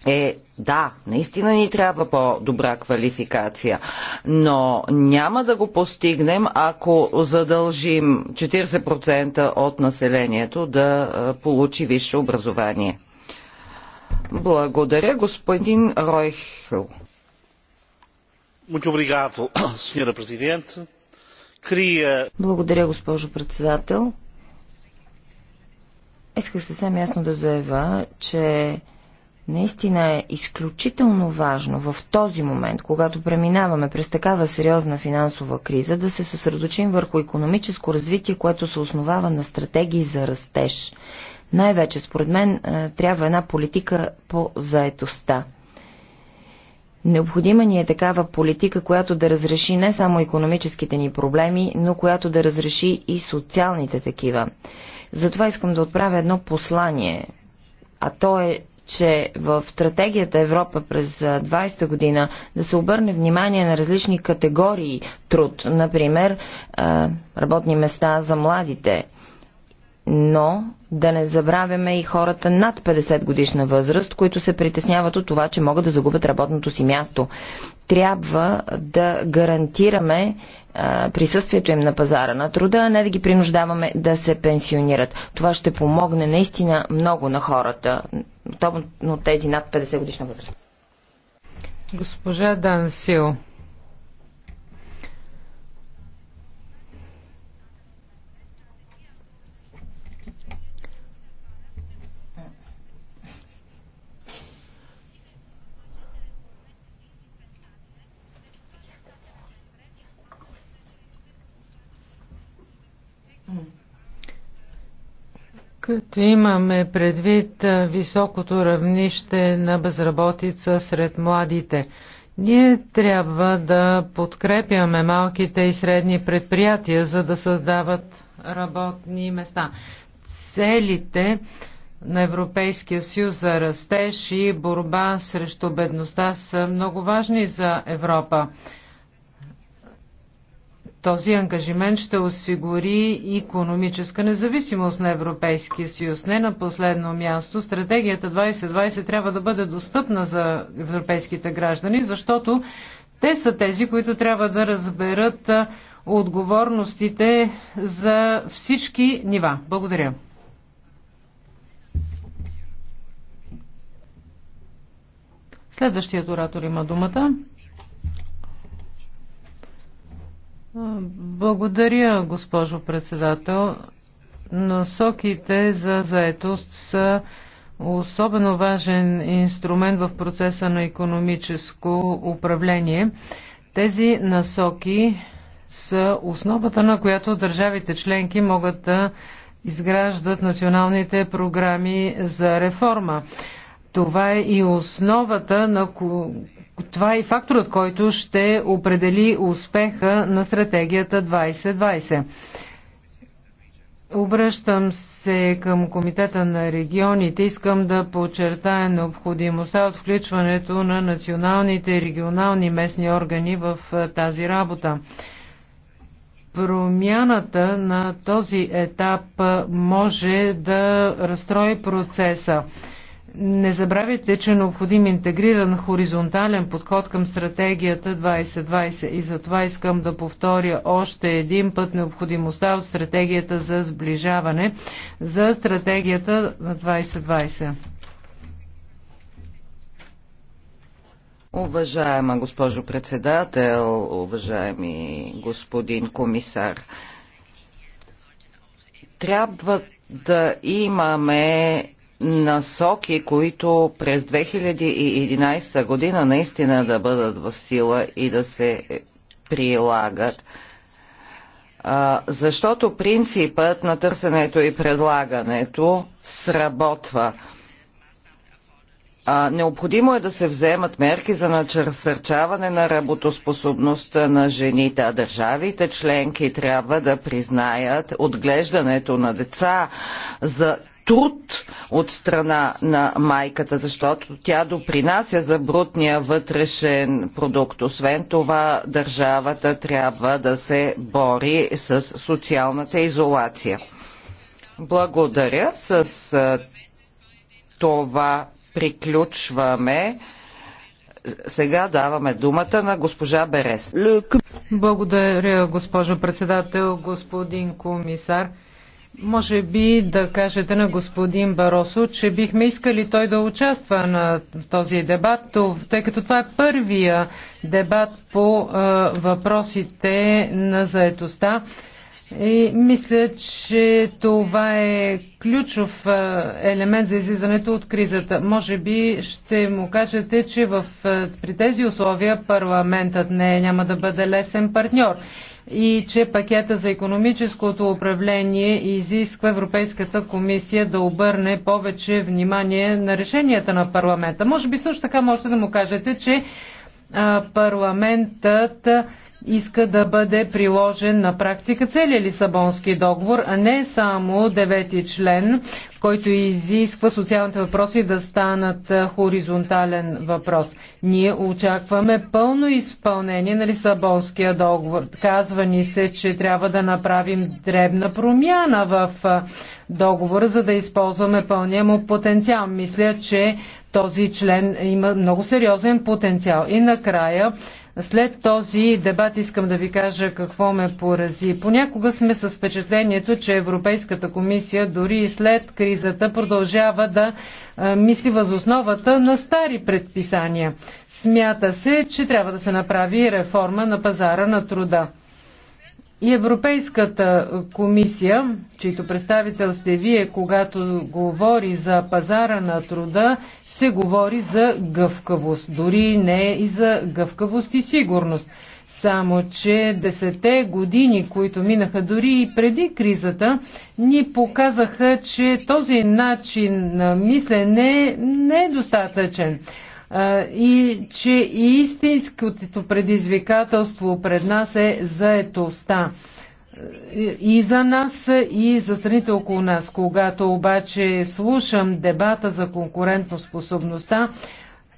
е да, наистина ни трябва по-добра квалификация, но няма да го постигнем, ако задължим 40% от населението да е, получи висше образование. Благодаря, господин Ройхел. Благодаря, госпожо председател. Исках съвсем ясно да заявя, че наистина е изключително важно в този момент, когато преминаваме през такава сериозна финансова криза, да се съсредочим върху економическо развитие, което се основава на стратегии за растеж. Най-вече, според мен, е, трябва една политика по заетостта. Необходима ни е такава политика, която да разреши не само економическите ни проблеми, но която да разреши и социалните такива. Затова искам да отправя едно послание, а то е че в стратегията Европа през 20-та година да се обърне внимание на различни категории труд, например работни места за младите, но да не забравяме и хората над 50 годишна възраст, които се притесняват от това, че могат да загубят работното си място. Трябва да гарантираме присъствието им на пазара на труда, а не да ги принуждаваме да се пенсионират. Това ще помогне наистина много на хората, особено тези над 50 годишна възраст. Госпожа Дансил, Като имаме предвид високото равнище на безработица сред младите, ние трябва да подкрепяме малките и средни предприятия, за да създават работни места. Целите на Европейския съюз за растеж и борба срещу бедността са много важни за Европа. Този ангажимент ще осигури економическа независимост на Европейския съюз. Не на последно място, стратегията 2020 трябва да бъде достъпна за европейските граждани, защото те са тези, които трябва да разберат отговорностите за всички нива. Благодаря. Следващият оратор има думата. Благодаря, госпожо председател. Насоките за заетост са особено важен инструмент в процеса на економическо управление. Тези насоки са основата, на която държавите членки могат да изграждат националните програми за реформа. Това е и основата, на това е и факторът, който ще определи успеха на стратегията 2020. Обръщам се към Комитета на регионите. Искам да подчертая необходимостта от включването на националните и регионални местни органи в е, тази работа. Промяната на този етап е, може да разстрои процеса. Не забравяйте, че е необходим интегриран хоризонтален подход към стратегията 2020 и затова искам да повторя още един път необходимостта от стратегията за сближаване за стратегията на 2020. Уважаема госпожо председател, уважаеми господин комисар, трябва да имаме насоки, които през 2011 година наистина да бъдат в сила и да се прилагат. Защото принципът на търсенето и предлагането сработва. Необходимо е да се вземат мерки за насърчаване на работоспособността на жените, а държавите членки трябва да признаят отглеждането на деца за труд от страна на майката, защото тя допринася за брутния вътрешен продукт. Освен това, държавата трябва да се бори с социалната изолация. Благодаря. С това приключваме. Сега даваме думата на госпожа Берес. Благодаря, госпожо председател, господин комисар. Може би да кажете на господин Баросо, че бихме искали той да участва на този дебат, тъй като това е първия дебат по а, въпросите на заетостта. И мисля, че това е ключов елемент за излизането от кризата. Може би ще му кажете, че в, при тези условия парламентът не няма да бъде лесен партньор и че пакета за економическото управление изисква Европейската комисия да обърне повече внимание на решенията на парламента. Може би също така можете да му кажете, че парламентът иска да бъде приложен на практика целият Лисабонски договор, а не само девети член, който изисква социалните въпроси да станат хоризонтален въпрос. Ние очакваме пълно изпълнение на Лисабонския договор. Казва ни се, че трябва да направим дребна промяна в договора, за да използваме пълния му потенциал. Мисля, че този член има много сериозен потенциал. И накрая след този дебат искам да ви кажа какво ме порази. Понякога сме с впечатлението, че Европейската комисия дори и след кризата продължава да мисли въз основата на стари предписания. Смята се, че трябва да се направи реформа на пазара на труда и Европейската комисия, чийто представител сте вие, когато говори за пазара на труда, се говори за гъвкавост, дори не и за гъвкавост и сигурност. Само, че десете години, които минаха дори и преди кризата, ни показаха, че този начин на мислене не е достатъчен и че истинското предизвикателство пред нас е заетостта и за нас, и за страните около нас. Когато обаче слушам дебата за конкурентоспособността,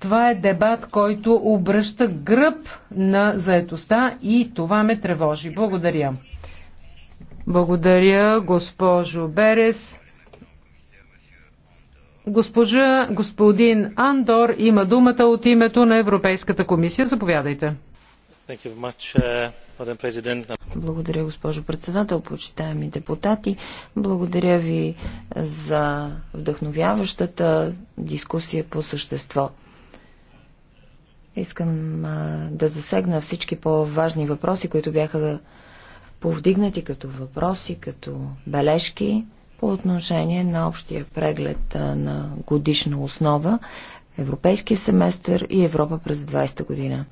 това е дебат, който обръща гръб на заетостта и това ме тревожи. Благодаря. Благодаря, госпожо Берес. Госпожа, господин Андор има думата от името на Европейската комисия. Заповядайте. Uh, Благодаря, госпожо председател, почитаеми депутати. Благодаря ви за вдъхновяващата дискусия по същество. Искам а, да засегна всички по-важни въпроси, които бяха повдигнати като въпроси, като бележки по отношение на общия преглед на годишна основа, Европейския семестър и Европа през 20-та година.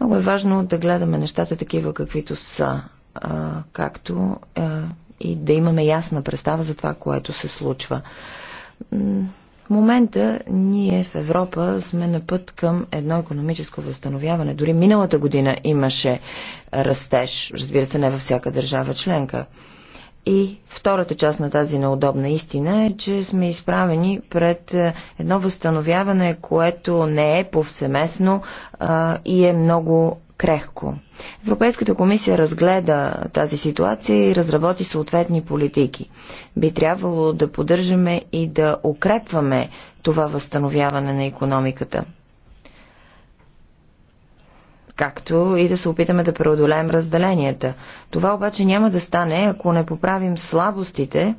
Много е важно да гледаме нещата такива каквито са, както и да имаме ясна представа за това, което се случва. В момента ние в Европа сме на път към едно економическо възстановяване. Дори миналата година имаше растеж, разбира се, не във всяка държава членка. И втората част на тази неудобна истина е, че сме изправени пред е, едно възстановяване, което не е повсеместно а, е, и е много крехко. Европейската комисия разгледа тази ситуация и разработи съответни политики. Би трябвало да поддържаме и да укрепваме това възстановяване на економиката както и да се опитаме да преодолеем разделенията. Това обаче няма да стане, ако не поправим слабостите,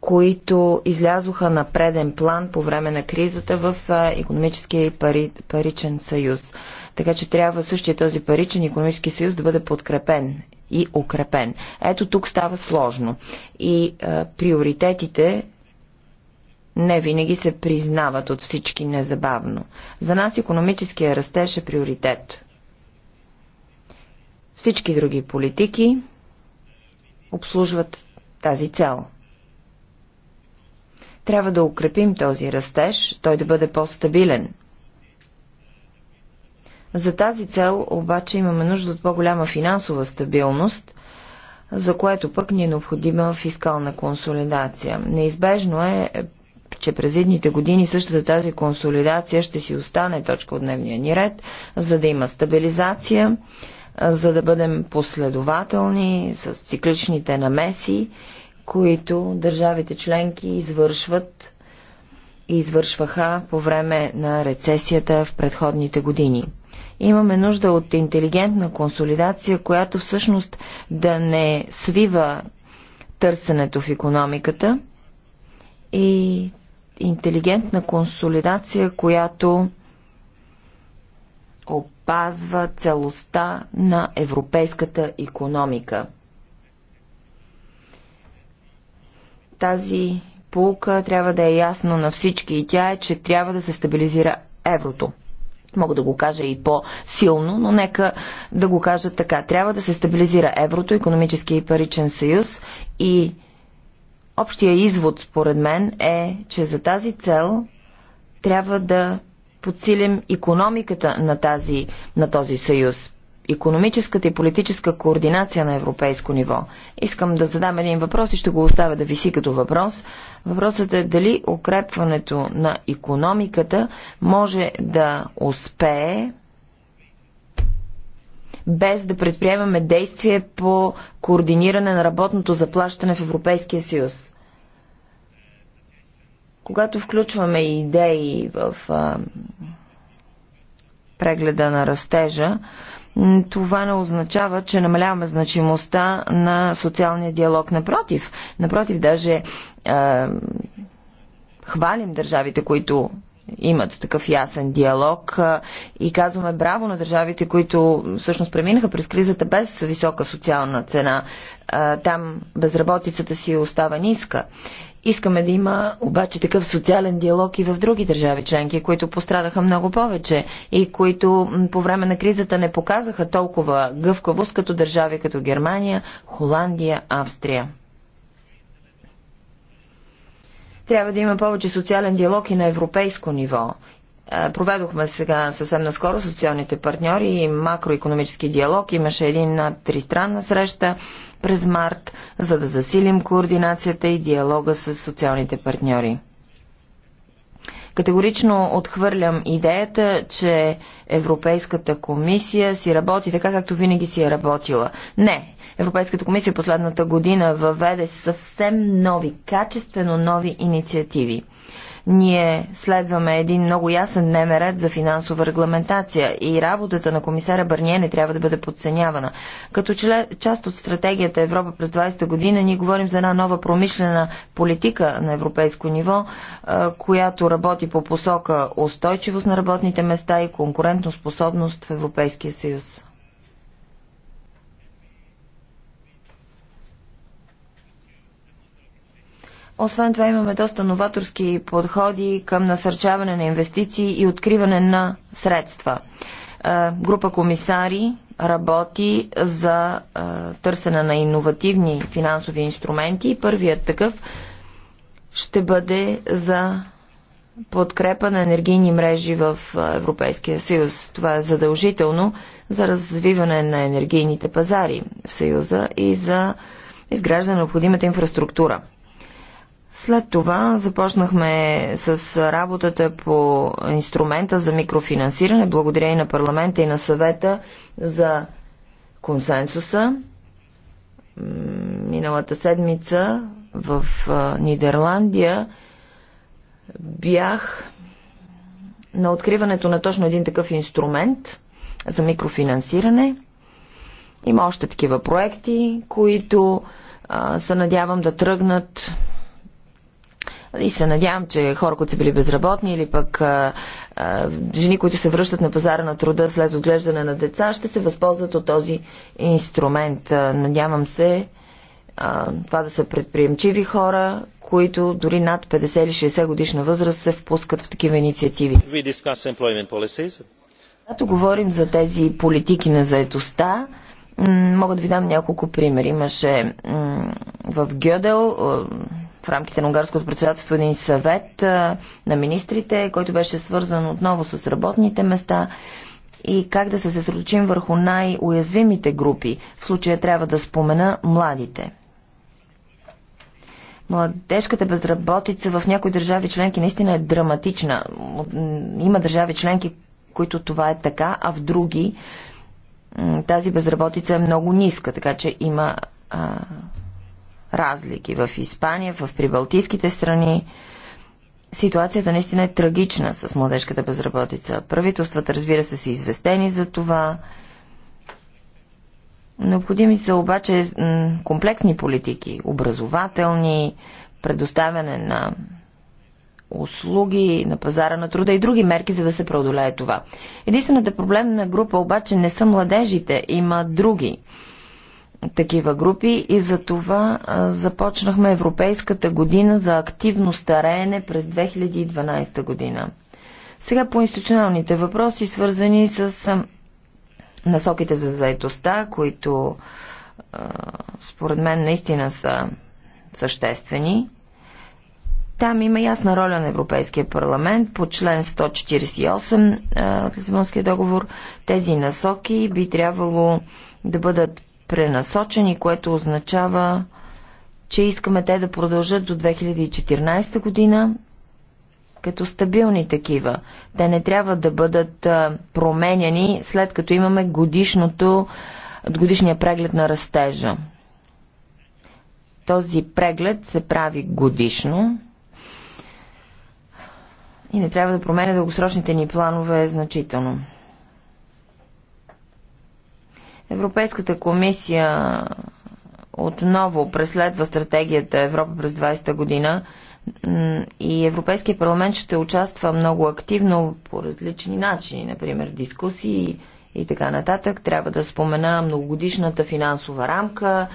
които излязоха на преден план по време на кризата в економическия и пари, паричен съюз. Така че трябва същия този паричен економически съюз да бъде подкрепен и укрепен. Ето тук става сложно. И а, приоритетите не винаги се признават от всички незабавно. За нас економическия растеж е приоритет. Всички други политики обслужват тази цел. Трябва да укрепим този растеж, той да бъде по-стабилен. За тази цел обаче имаме нужда от по-голяма финансова стабилност – за което пък ни е необходима фискална консолидация. Неизбежно е че през едните години същата тази консолидация ще си остане точка от дневния ни ред, за да има стабилизация, за да бъдем последователни с цикличните намеси, които държавите членки извършват и извършваха по време на рецесията в предходните години. Имаме нужда от интелигентна консолидация, която всъщност да не свива търсенето в економиката и интелигентна консолидация, която опазва целостта на европейската економика. Тази полука трябва да е ясно на всички и тя е, че трябва да се стабилизира еврото. Мога да го кажа и по-силно, но нека да го кажа така. Трябва да се стабилизира еврото, економически и паричен съюз и Общия извод, според мен, е, че за тази цел трябва да подсилим економиката на, тази, на този съюз, економическата и политическа координация на европейско ниво. Искам да задам един въпрос и ще го оставя да виси като въпрос. Въпросът е дали укрепването на економиката може да успее без да предприемаме действие по координиране на работното заплащане в Европейския съюз. Когато включваме идеи в а, прегледа на растежа, това не означава, че намаляваме значимостта на социалния диалог. Напротив, напротив, даже а, хвалим държавите, които имат такъв ясен диалог и казваме браво на държавите, които всъщност преминаха през кризата без висока социална цена. Там безработицата си остава ниска. Искаме да има обаче такъв социален диалог и в други държави членки, които пострадаха много повече и които по време на кризата не показаха толкова гъвкавост като държави като Германия, Холандия, Австрия. Трябва да има повече социален диалог и на европейско ниво. Е, проведохме сега съвсем наскоро социалните партньори и макроекономически диалог. Имаше един тристранна среща през март, за да засилим координацията и диалога с социалните партньори. Категорично отхвърлям идеята, че Европейската комисия си работи така, както винаги си е работила. Не, Европейската комисия последната година въведе съвсем нови, качествено нови инициативи. Ние следваме един много ясен дневен ред за финансова регламентация и работата на комисаря Барние не трябва да бъде подценявана. Като част от стратегията Европа през 20-та година, ние говорим за една нова промишлена политика на европейско ниво, която работи по посока устойчивост на работните места и конкурентоспособност в Европейския съюз. Освен това имаме доста новаторски подходи към насърчаване на инвестиции и откриване на средства. Е, група комисари работи за е, търсене на иновативни финансови инструменти. Първият такъв ще бъде за подкрепа на енергийни мрежи в е, Европейския съюз. Това е задължително за развиване на енергийните пазари в съюза и за изграждане на необходимата инфраструктура. След това започнахме с работата по инструмента за микрофинансиране. Благодарение на парламента и на съвета за консенсуса. Миналата седмица в Нидерландия бях на откриването на точно един такъв инструмент за микрофинансиране. Има още такива проекти, които се надявам да тръгнат и се надявам, че хора, които са били безработни или пък а, а, жени, които се връщат на пазара на труда след отглеждане на деца, ще се възползват от този инструмент. А, надявам се а, това да са предприемчиви хора, които дори над 50 или 60 годишна възраст се впускат в такива инициативи. Когато говорим за тези политики на заедостта, мога да ви дам няколко примери. Имаше в Гьодел в рамките на унгарското председателство един съвет на министрите, който беше свързан отново с работните места и как да се съсредоточим върху най-уязвимите групи. В случая трябва да спомена младите. Младежката безработица в някои държави членки наистина е драматична. Има държави членки, които това е така, а в други тази безработица е много ниска, така че има разлики. В Испания, в прибалтийските страни ситуацията наистина е трагична с младежката безработица. Правителствата, разбира се, са известени за това. Необходими са обаче комплексни политики, образователни, предоставяне на услуги, на пазара на труда и други мерки, за да се преодолее това. Единствената проблемна група обаче не са младежите, има други такива групи и за това започнахме Европейската година за активно стареене през 2012 година. Сега по институционалните въпроси, свързани с насоките за заедостта, които според мен наистина са съществени. Там има ясна роля на Европейския парламент по член 148 от Лисабонския договор. Тези насоки би трябвало да бъдат пренасочени, което означава, че искаме те да продължат до 2014 година като стабилни такива. Те не трябва да бъдат променяни след като имаме годишното, годишния преглед на растежа. Този преглед се прави годишно и не трябва да променя дългосрочните ни планове значително. Европейската комисия отново преследва стратегията Европа през 20-та година и Европейския парламент ще участва много активно по различни начини, например дискусии и така нататък. Трябва да спомена многогодишната финансова рамка,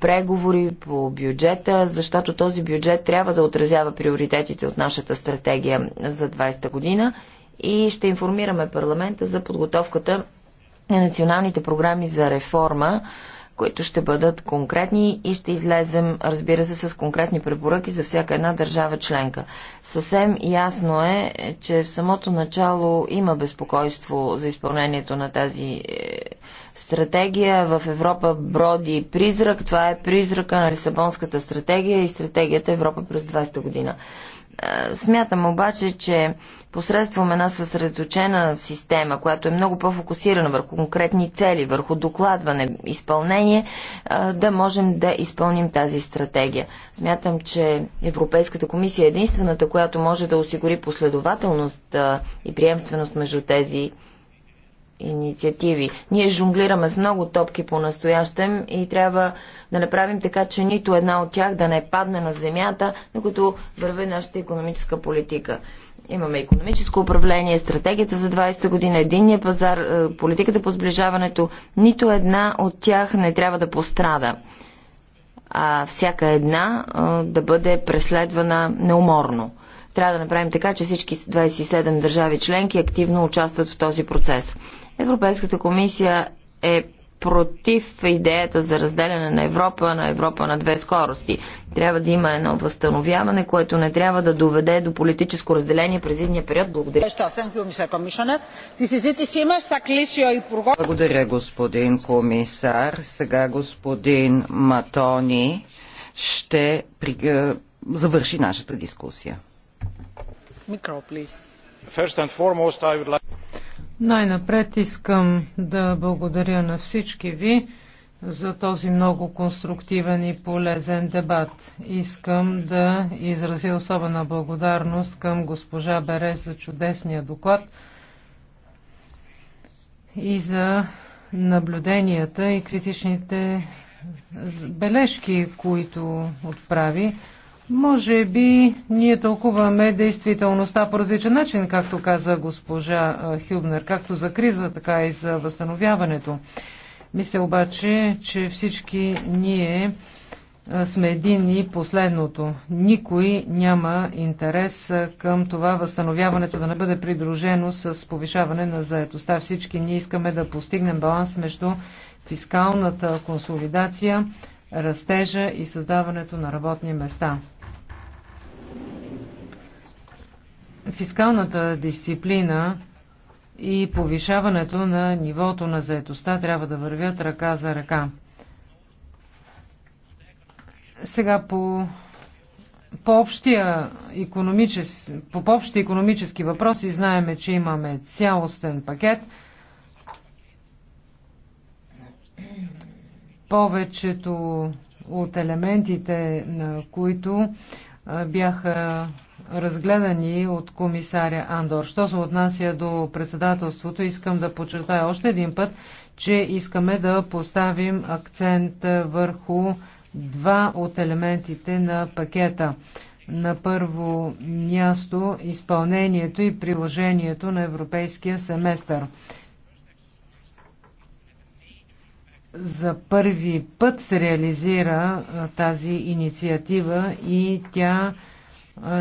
преговори по бюджета, защото този бюджет трябва да отразява приоритетите от нашата стратегия за 20-та година и ще информираме парламента за подготовката националните програми за реформа, които ще бъдат конкретни и ще излезем, разбира се, с конкретни препоръки за всяка една държава членка. Съвсем ясно е, че в самото начало има безпокойство за изпълнението на тази е, стратегия. В Европа броди призрак. Това е призрака на Лисабонската стратегия и стратегията Европа през 20-та година. Е, смятам обаче, че посредством една съсредоточена система, която е много по-фокусирана върху конкретни цели, върху докладване, изпълнение, е, да можем да изпълним тази стратегия. Смятам, че Европейската комисия е единствената, която може да осигури последователност е, и приемственост между тези инициативи. Ние жонглираме с много топки по-настоящем и трябва да направим така, че нито една от тях да не падне на земята, на върви нашата економическа политика. Имаме економическо управление, стратегията за 20-та година, единния пазар, е, политиката по сближаването. Нито една от тях не трябва да пострада. А всяка една е, да бъде преследвана неуморно трябва да направим така, че всички 27 държави членки активно участват в този процес. Европейската комисия е против идеята за разделяне на Европа на Европа на две скорости. Трябва да има едно възстановяване, което не трябва да доведе до политическо разделение през едния период. Благодаря. Благодаря, господин комисар. Сега господин Матони ще при... Е, завърши нашата дискусия. Микро, please. Най-напред искам да благодаря на всички ви за този много конструктивен и полезен дебат. Искам да изразя особена благодарност към госпожа Берез за чудесния доклад и за наблюденията и критичните бележки, които отправи. Може би ние тълкуваме действителността по различен начин, както каза госпожа Хюбнер, както за криза, така и за възстановяването. Мисля обаче, че всички ние сме един и последното. Никой няма интерес към това възстановяването да не бъде придружено с повишаване на заетостта. Всички ние искаме да постигнем баланс между фискалната консолидация, растежа и създаването на работни места. Фискалната дисциплина и повишаването на нивото на заетостта трябва да вървят ръка за ръка. Сега по по, по общите економически въпроси знаеме, че имаме цялостен пакет. Повечето от елементите, на които бяха разгледани от комисаря Андор. Що се отнася до председателството, искам да подчертая още един път, че искаме да поставим акцент върху два от елементите на пакета. На първо място изпълнението и приложението на европейския семестър. За първи път се реализира тази инициатива и тя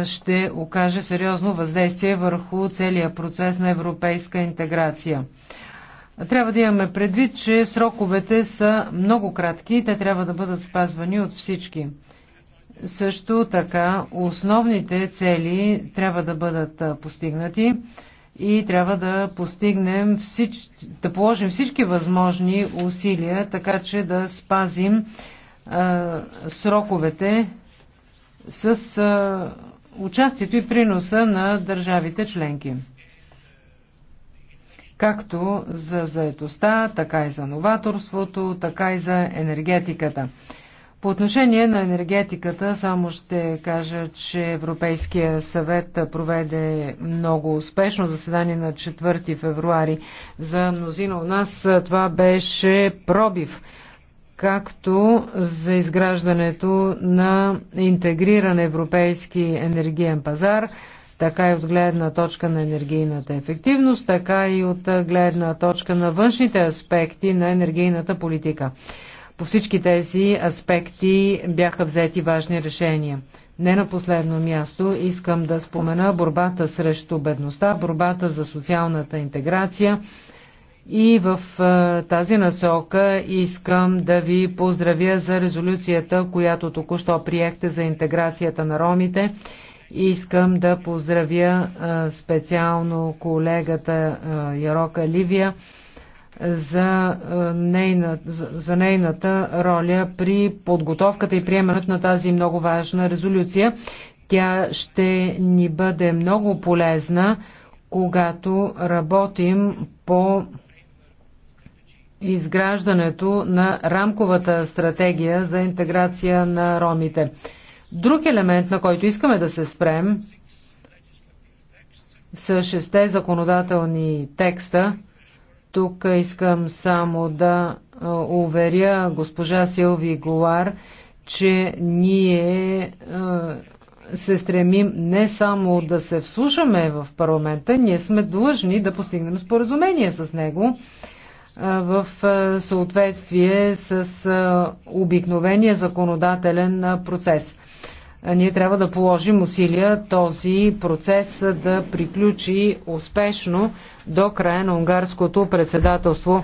ще окаже сериозно въздействие върху целия процес на европейска интеграция. Трябва да имаме предвид, че сроковете са много кратки и те трябва да бъдат спазвани от всички. Също така, основните цели трябва да бъдат постигнати и трябва да постигнем всич... да положим всички възможни усилия, така че да спазим е, сроковете, с а, участието и приноса на държавите членки. Както за заетостта, така и за новаторството, така и за енергетиката. По отношение на енергетиката, само ще кажа, че Европейския съвет проведе много успешно заседание на 4 февруари. За мнозина у нас това беше пробив както за изграждането на интегриран европейски енергиен пазар, така и от гледна точка на енергийната ефективност, така и от гледна точка на външните аспекти на енергийната политика. По всички тези аспекти бяха взети важни решения. Не на последно място искам да спомена борбата срещу бедността, борбата за социалната интеграция, и в тази насока искам да ви поздравя за резолюцията, която току-що приехте за интеграцията на ромите. Искам да поздравя специално колегата Ярока Ливия за, нейна, за нейната роля при подготовката и приемането на тази много важна резолюция. Тя ще ни бъде много полезна, когато работим по изграждането на рамковата стратегия за интеграция на ромите. Друг елемент, на който искаме да се спрем, са шесте законодателни текста. Тук искам само да уверя госпожа Силви Голар, че ние се стремим не само да се вслушаме в парламента, ние сме длъжни да постигнем споразумение с него в съответствие с обикновения законодателен процес. Ние трябва да положим усилия този процес да приключи успешно до края на унгарското председателство.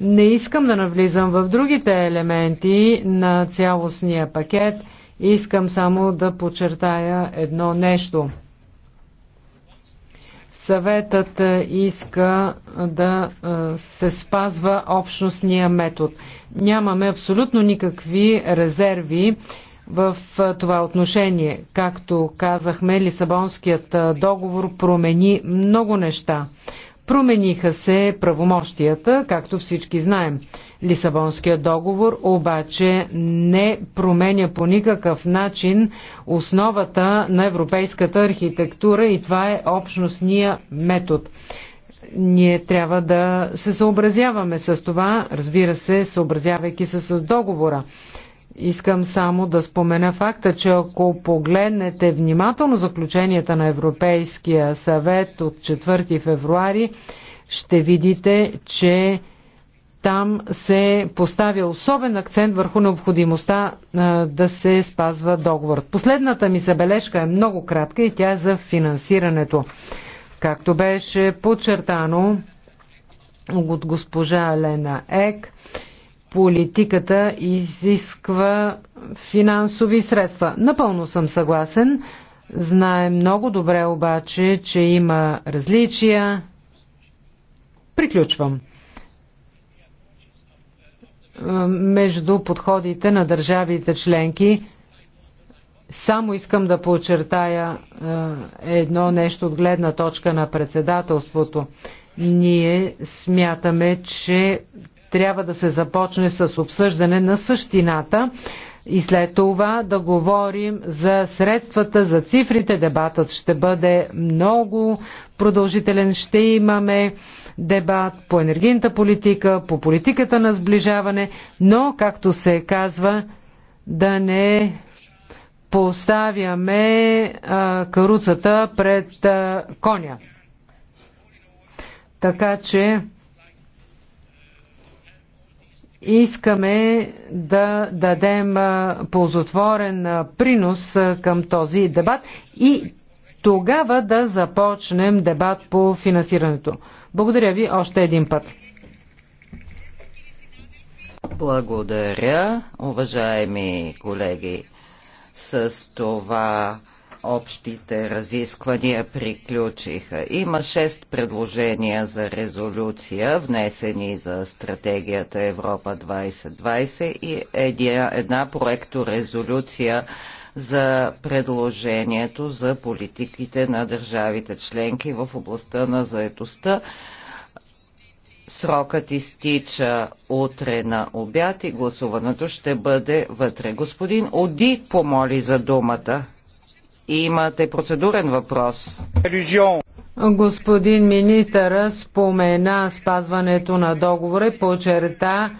Не искам да навлизам в другите елементи на цялостния пакет, искам само да подчертая едно нещо – Съветът е, иска е, да е, се спазва общностния метод. Нямаме абсолютно никакви резерви в това отношение. Както казахме, Лисабонският договор промени много неща. Промениха се правомощията, както всички знаем. Лисабонския договор обаче не променя по никакъв начин основата на европейската архитектура и това е общностния метод. Ние трябва да се съобразяваме с това, разбира се, съобразявайки се с договора. Искам само да спомена факта, че ако погледнете внимателно заключенията на Европейския съвет от 4 февруари, ще видите, че там се поставя особен акцент върху необходимостта да се спазва договорът. Последната ми забележка е много кратка и тя е за финансирането. Както беше подчертано от госпожа Елена Ек, политиката изисква финансови средства. Напълно съм съгласен. Знае много добре обаче, че има различия. Приключвам между подходите на държавите членки. Само искам да подчертая е, едно нещо от гледна точка на председателството. Ние смятаме, че трябва да се започне с обсъждане на същината и след това да говорим за средствата, за цифрите. Дебатът ще бъде много продължителен. Ще имаме дебат по енергийната политика, по политиката на сближаване, но, както се казва, да не поставяме а, каруцата пред а, коня. Така че искаме да дадем ползотворен принос към този дебат и тогава да започнем дебат по финансирането. Благодаря ви още един път. Благодаря, уважаеми колеги. С това общите разисквания приключиха. Има шест предложения за резолюция, внесени за стратегията Европа 2020 и една, проекто проекторезолюция за предложението за политиките на държавите членки в областта на заетостта. Срокът изтича утре на обяд и гласуването ще бъде вътре. Господин Оди помоли за думата. Имате процедурен въпрос. Господин министър спомена спазването на договора и подчерта,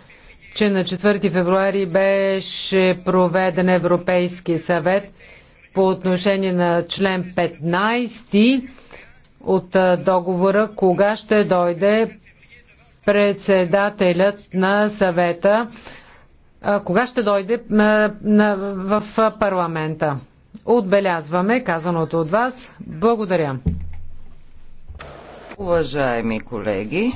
че на 4 февруари беше проведен Европейски съвет по отношение на член 15 от договора, кога ще дойде председателят на съвета, кога ще дойде в парламента. Отбелязваме казаното от вас. Благодаря. Уважаеми колеги,